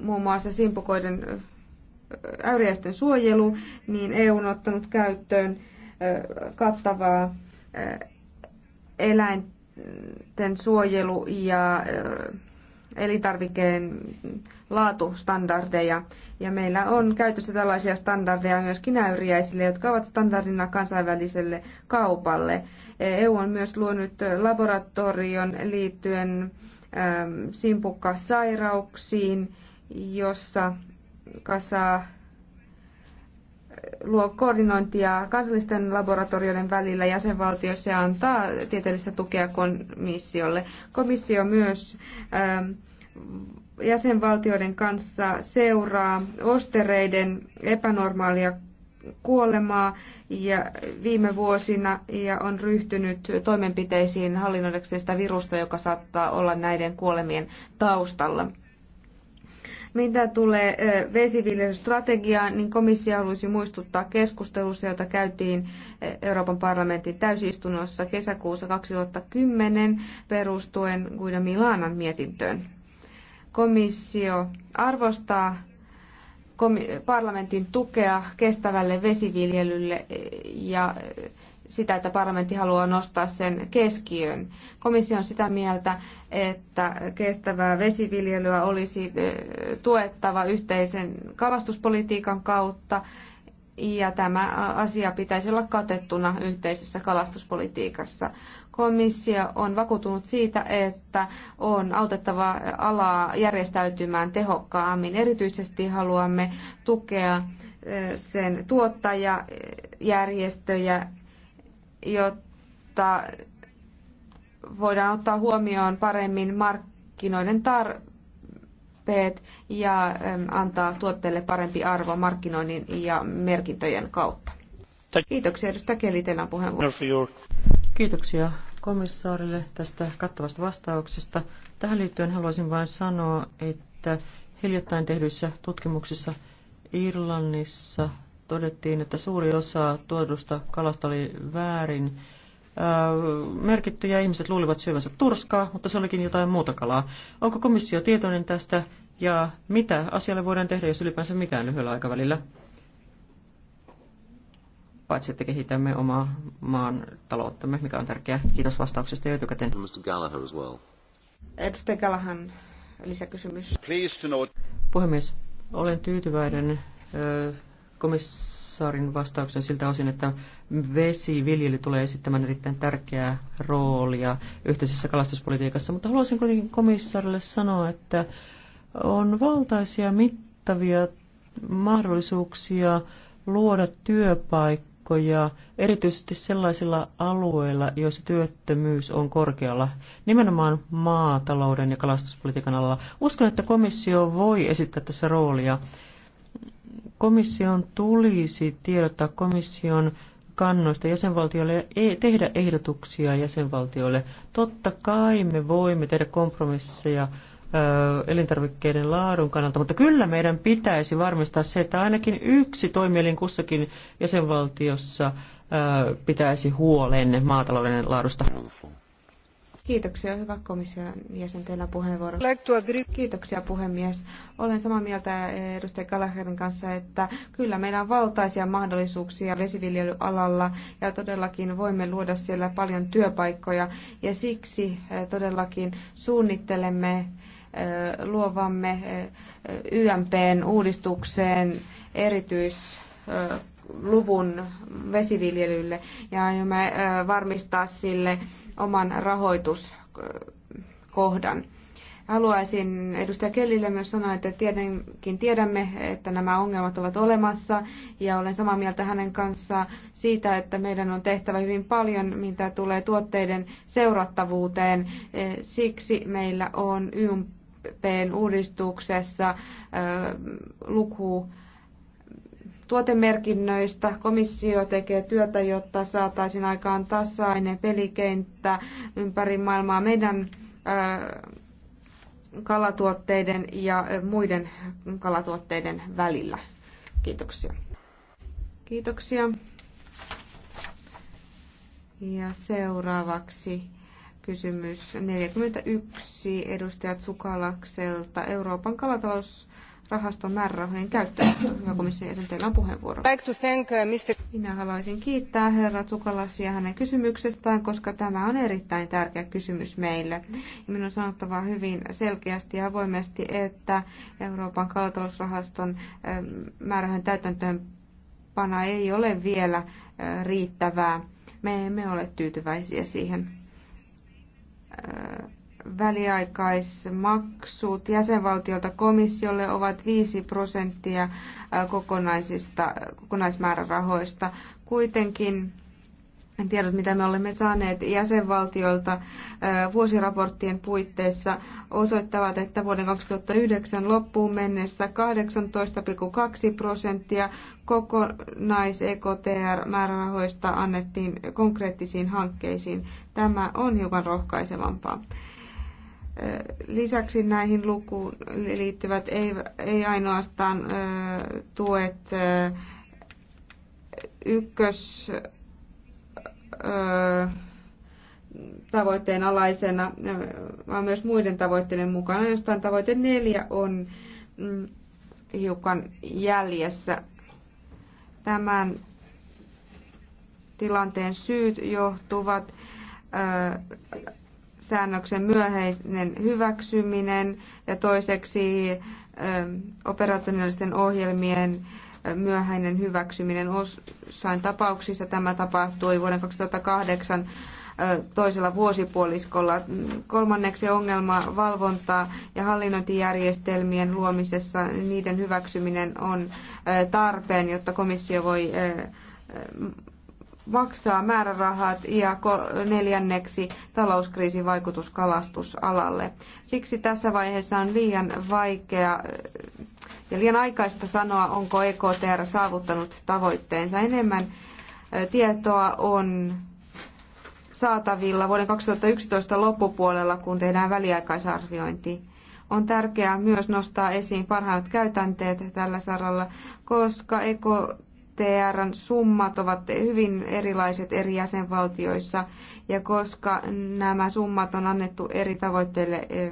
Speaker 2: muun muassa simpukoiden äyriäisten suojelu, niin EU on ottanut käyttöön kattavaa eläinten suojelu- ja elintarvikeen laatustandardeja. Ja meillä on käytössä tällaisia standardeja myös äyriäisille, jotka ovat standardina kansainväliselle kaupalle. EU on myös luonut laboratorion liittyen ähm, simpukkasairauksiin, jossa kasa äh, luo koordinointia kansallisten laboratorioiden välillä jäsenvaltioissa ja antaa tieteellistä tukea komissiolle. Komissio myös ähm, jäsenvaltioiden kanssa seuraa ostereiden epänormaalia kuolemaa ja viime vuosina ja on ryhtynyt toimenpiteisiin hallinnoidakseen sitä virusta, joka saattaa olla näiden kuolemien taustalla. Mitä tulee vesiviljelystrategiaan, niin komissio haluaisi muistuttaa keskustelussa, jota käytiin Euroopan parlamentin täysistunnossa kesäkuussa 2010 perustuen Guida Milanan mietintöön komissio arvostaa parlamentin tukea kestävälle vesiviljelylle ja sitä, että parlamentti haluaa nostaa sen keskiöön. Komissio on sitä mieltä, että kestävää vesiviljelyä olisi eh, tuettava yhteisen kalastuspolitiikan kautta ja tämä asia pitäisi olla katettuna yhteisessä kalastuspolitiikassa. Komissio on vakuutunut siitä, että on autettava alaa järjestäytymään tehokkaammin. Erityisesti haluamme tukea eh, sen tuottajajärjestöjä, jotta voidaan ottaa huomioon paremmin markkinoiden tarpeet tarpeet ja antaa tuotteelle parempi arvo markkinoinnin ja merkintöjen kautta. Kiitoksia edustaja Keli, teillä on
Speaker 3: puheenvuoro. Kiitoksia komissaarille tästä kattavasta vastauksesta. Tähän liittyen haluaisin vain sanoa, että hiljattain tehdyissä tutkimuksissa Irlannissa todettiin, että suuri osa tuodusta kalasta oli väärin Äh, merkitty ja ihmiset luulivat syövänsä turskaa, mutta se olikin jotain muuta kalaa. Onko komissio tietoinen tästä ja mitä asialle voidaan tehdä, jos ylipäänsä mitään lyhyellä aikavälillä? Paitsi, että kehitämme omaa maan talouttamme, mikä on tärkeää. Kiitos vastauksesta jo etukäteen. Mr. Gallagher as well.
Speaker 2: Edustaja Gallahan, lisäkysymys.
Speaker 3: Puhemies, olen tyytyväinen äh, komissaarin vastauksen siltä osin, että vesiviljely tulee esittämään erittäin tärkeää roolia yhteisessä kalastuspolitiikassa, mutta haluaisin kuitenkin komissaarille sanoa, että on valtaisia mittavia mahdollisuuksia luoda työpaikkoja erityisesti sellaisilla alueilla, joissa työttömyys on korkealla, nimenomaan maatalouden ja kalastuspolitiikan alalla. Uskon, että komissio voi esittää tässä roolia. Komission tulisi tiedottaa komission kannoista jäsenvaltioille e- tehdä ehdotuksia jäsenvaltioille. Totta kai me voimme tehdä kompromisseja elintarvikkeiden laadun kannalta, mutta kyllä meidän pitäisi varmistaa se, että ainakin yksi toimielin kussakin jäsenvaltiossa pitäisi huolen maatalouden
Speaker 2: laadusta. Kiitoksia, hyvä komission jäsen, teillä puheenvuoro. Kiitoksia puhemies. Olen samaa mieltä edustaja Gallagherin kanssa, että kyllä meillä on valtaisia mahdollisuuksia vesiviljelyalalla ja todellakin voimme luoda siellä paljon työpaikkoja ja siksi eh, todellakin suunnittelemme eh, luovamme eh, YMPn uudistukseen erityis luvun vesiviljelylle ja aiomme varmistaa sille oman rahoituskohdan. Haluaisin edustaja Kellille myös sanoa, että tietenkin tiedämme, että nämä ongelmat ovat olemassa ja olen samaa mieltä hänen kanssaan siitä, että meidän on tehtävä hyvin paljon, mitä tulee tuotteiden seurattavuuteen. Siksi meillä on YMPn uudistuksessa luku tuotemerkinnöistä. Komissio tekee työtä, jotta saataisiin aikaan tasainen pelikenttä ympäri maailmaa meidän kalatuotteiden ja muiden kalatuotteiden välillä. Kiitoksia. Kiitoksia. Ja seuraavaksi kysymys 41 edustaja Tsukalakselta Euroopan kalatalous rahaston määrärahojen käyttöä. Hyvä komission jäsen, teillä on puheenvuoro. Uh, Minä haluaisin kiittää herra Tsukalasia hänen kysymyksestään, koska tämä on erittäin tärkeä kysymys meille. Ja minun on sanottava hyvin selkeästi ja avoimesti, että Euroopan kalatalousrahaston eh, määrärahojen täytäntöön pana ei ole vielä eh, riittävää. Me emme ole tyytyväisiä siihen eh, väliaikaismaksut jäsenvaltiolta komissiolle ovat 5 prosenttia kokonaisista, kokonaismäärärahoista. Kuitenkin tiedot, mitä me olemme saaneet jäsenvaltioilta vuosiraporttien puitteissa, osoittavat, että vuoden 2009 loppuun mennessä 18,2 prosenttia kokonais-EKTR-määrärahoista annettiin konkreettisiin hankkeisiin. Tämä on hiukan rohkaisevampaa. Lisäksi näihin lukuun liittyvät ei, ei ainoastaan tuet ykkös tavoitteen alaisena, vaan myös muiden tavoitteiden mukana. Jostain tavoite neljä on mm, hiukan jäljessä. Tämän tilanteen syyt johtuvat säännöksen myöhäinen hyväksyminen ja toiseksi operationaalisten ohjelmien myöhäinen hyväksyminen. Osain tapauksissa tämä tapahtui vuoden 2008 toisella vuosipuoliskolla. Kolmanneksi ongelma valvontaa ja hallinnointijärjestelmien luomisessa, niiden hyväksyminen on tarpeen, jotta komissio voi maksaa määrärahat ja neljänneksi talouskriisin vaikutus kalastusalalle. Siksi tässä vaiheessa on liian vaikea äh, ja liian aikaista sanoa, onko EKTR saavuttanut tavoitteensa. Enemmän äh, tietoa on saatavilla vuoden 2011 loppupuolella, kun tehdään väliaikaisarviointi. On tärkeää myös nostaa esiin parhaat käytänteet tällä saralla, koska EKTR ETRn summat ovat hyvin erilaiset eri jäsenvaltioissa ja koska nämä summat on annettu eri tavoitteille eh,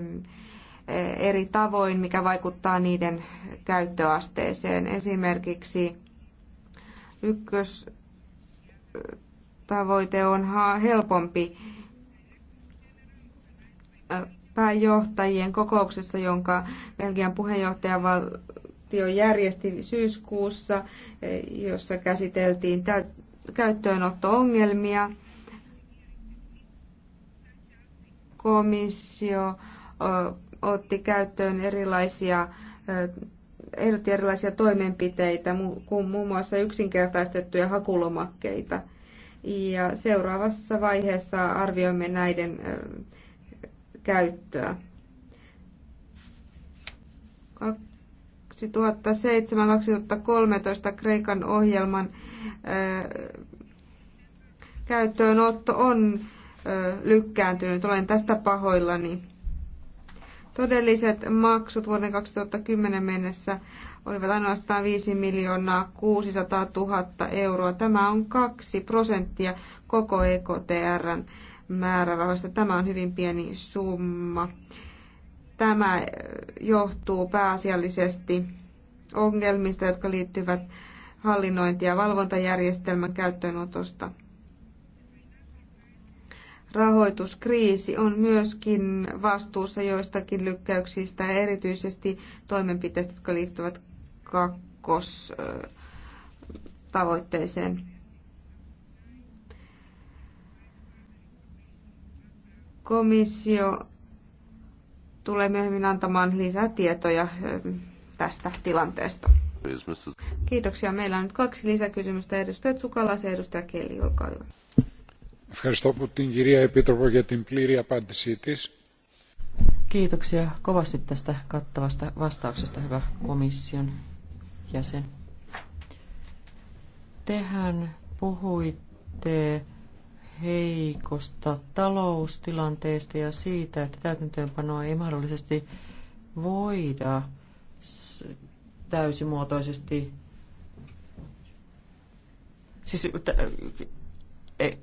Speaker 2: eri tavoin, mikä vaikuttaa niiden käyttöasteeseen. Esimerkiksi ykköstavoite on helpompi eh, pääjohtajien kokouksessa, jonka Belgian puheenjohtajavaltio komissio järjesti syyskuussa, eh, jossa käsiteltiin käyttöönotto-ongelmia. Komissio otti käyttöön erilaisia ehdotti erilaisia toimenpiteitä, kuin muun muassa yksinkertaistettuja hakulomakkeita. Ja seuraavassa vaiheessa arvioimme näiden käyttöä. 2007-2013 Kreikan ohjelman äh, käyttöönotto on äh, lykkääntynyt. Olen tästä pahoillani. Todelliset maksut vuoden 2010 mennessä olivat ainoastaan 5 miljoonaa 600 000 euroa. Tämä on 2 prosenttia koko EKTRn määrärahoista. Tämä on hyvin pieni summa. Tämä johtuu pääasiallisesti ongelmista, jotka liittyvät hallinnointi- ja valvontajärjestelmän käyttöönotosta. Rahoituskriisi on myöskin vastuussa joistakin lykkäyksistä ja erityisesti toimenpiteistä, jotka liittyvät kakkostavoitteeseen. Komissio tulee myöhemmin antamaan lisää tietoja tästä tilanteesta. Kiitoksia. Meillä on nyt kaksi lisäkysymystä. Edustaja Tsukalas ja edustaja Kelly, olkaa hyvä.
Speaker 3: Kiitoksia kovasti tästä kattavasta vastauksesta, hyvä komission jäsen. Tehän puhuitte heikosta taloustilanteesta ja siitä, että täytäntöönpanoa ei mahdollisesti voida täysimuotoisesti siis ei,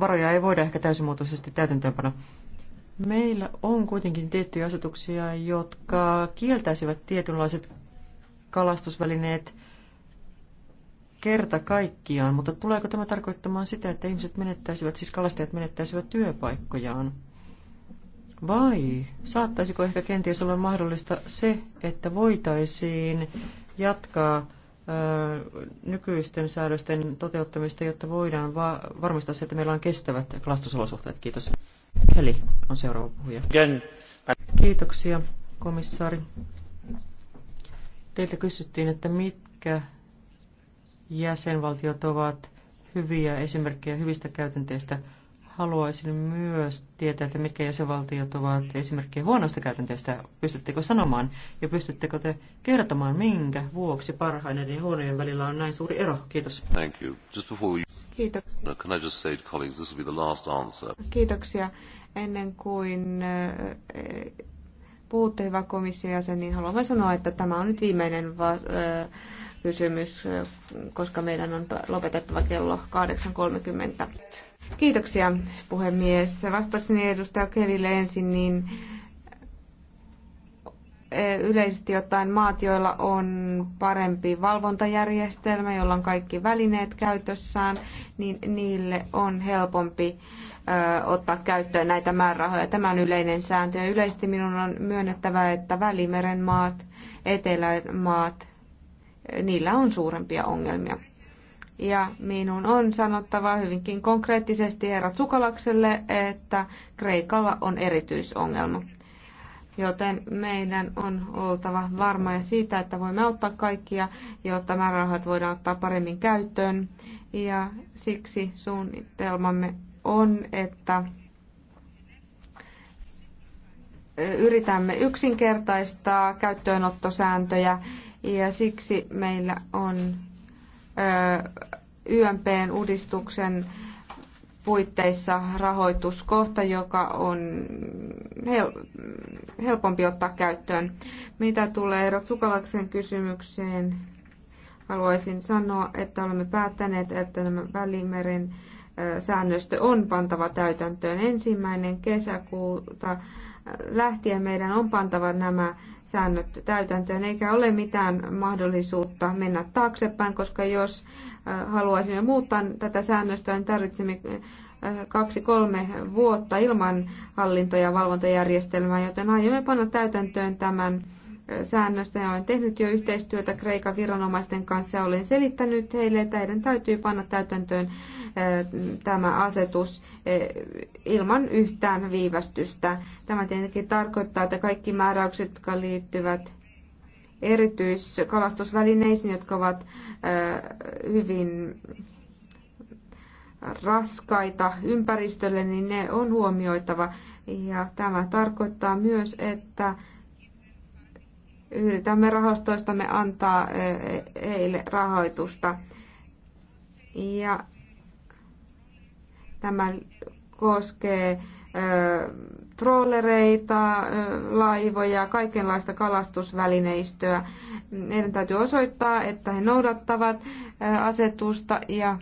Speaker 3: varoja ei voida ehkä täysimuotoisesti täytäntöönpanoa. Meillä on kuitenkin tiettyjä asetuksia, jotka kieltäisivät tietynlaiset kalastusvälineet – kerta kaikkiaan, mutta tuleeko tämä tarkoittamaan sitä, että ihmiset menettäisivät, siis kalastajat menettäisivät työpaikkojaan? Vai saattaisiko ehkä kenties olla mahdollista se, että voitaisiin jatkaa nykyisten säädösten toteuttamista, jotta voidaan va- varmistaa se, että meillä on kestävät kalastusolosuhteet. Kiitos. Kelly on seuraava puhuja. Kiitoksia, komissaari. Teiltä kysyttiin, että mitkä jäsenvaltiot ovat hyviä esimerkkejä hyvistä käytänteistä. Haluaisin myös tietää, että mitkä jäsenvaltiot ovat esimerkkejä huonoista käytänteistä. Pystyttekö sanomaan ja pystyttekö te kertomaan, minkä vuoksi parhaiden ja huonojen välillä
Speaker 1: on näin suuri ero? Kiitos. Thank you. Just before you... Kiitos. No, I just say this be the
Speaker 2: Kiitoksia. Ennen kuin eh, puhutte hyvä komission jäsen, niin haluan sanoa, että tämä on nyt viimeinen va- eh, kysymys, koska meidän on lopetettava kello 8.30. Kiitoksia puhemies. Vastaakseni edustaja Kelille ensin, niin e, yleisesti ottaen maat, joilla on parempi valvontajärjestelmä, jolla on kaikki välineet käytössään, niin niille on helpompi e, ottaa käyttöön näitä määrärahoja. Tämä on yleinen sääntö ja yleisesti minun on myönnettävä, että Välimeren maat, Etelän maat niillä on suurempia ongelmia. Ja minun on sanottava hyvinkin konkreettisesti herra Sukalakselle, että Kreikalla on erityisongelma. Joten meidän on oltava varmoja siitä, että voimme auttaa kaikkia, jotta määrärahat voidaan ottaa paremmin käyttöön. Ja siksi suunnitelmamme on, että yritämme yksinkertaistaa käyttöönottosääntöjä ja siksi meillä on YMPn uudistuksen puitteissa rahoituskohta, joka on hel- helpompi ottaa käyttöön. Mitä tulee Eero Tsukalaksen kysymykseen, haluaisin sanoa, että olemme päättäneet, että nämä Välimeren säännöstö on pantava täytäntöön. Ensimmäinen kesäkuuta lähtien meidän on pantava nämä säännöt täytäntöön, eikä ole mitään mahdollisuutta mennä taaksepäin, koska jos äh, haluaisimme muuttaa tätä säännöstöä, niin tarvitsemme äh, kaksi-kolme vuotta ilman hallinto- ja valvontajärjestelmää, joten aiomme panna täytäntöön tämän äh, säännöstä ja olen tehnyt jo yhteistyötä Kreikan viranomaisten kanssa ja olen selittänyt heille, että heidän täytyy panna täytäntöön tämä asetus E, ilman yhtään viivästystä. Tämä tietenkin tarkoittaa, että kaikki määräykset, jotka liittyvät erityiskalastusvälineisiin, jotka ovat e, hyvin raskaita ympäristölle, niin ne on huomioitava. Ja tämä tarkoittaa myös, että yritämme rahastoistamme antaa e, heille rahoitusta. Ja tämä koskee trollereita, laivoja, kaikenlaista kalastusvälineistöä. Meidän täytyy osoittaa, että he noudattavat asetusta ja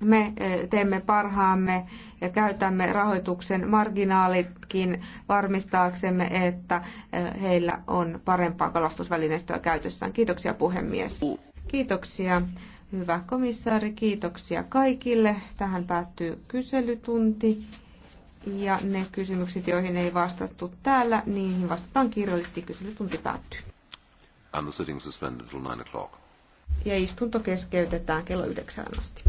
Speaker 2: me teemme parhaamme ja käytämme rahoituksen marginaalitkin varmistaaksemme, että heillä on parempaa kalastusvälineistöä käytössään. Kiitoksia puhemies. Kiitoksia. Hyvä komissaari, kiitoksia kaikille. Tähän päättyy kyselytunti. Ja ne kysymykset, joihin ei vastattu täällä, niihin vastataan kirjallisesti. Kyselytunti päättyy.
Speaker 1: And the sitting suspended 9 o'clock.
Speaker 2: Ja istunto keskeytetään kello yhdeksään asti.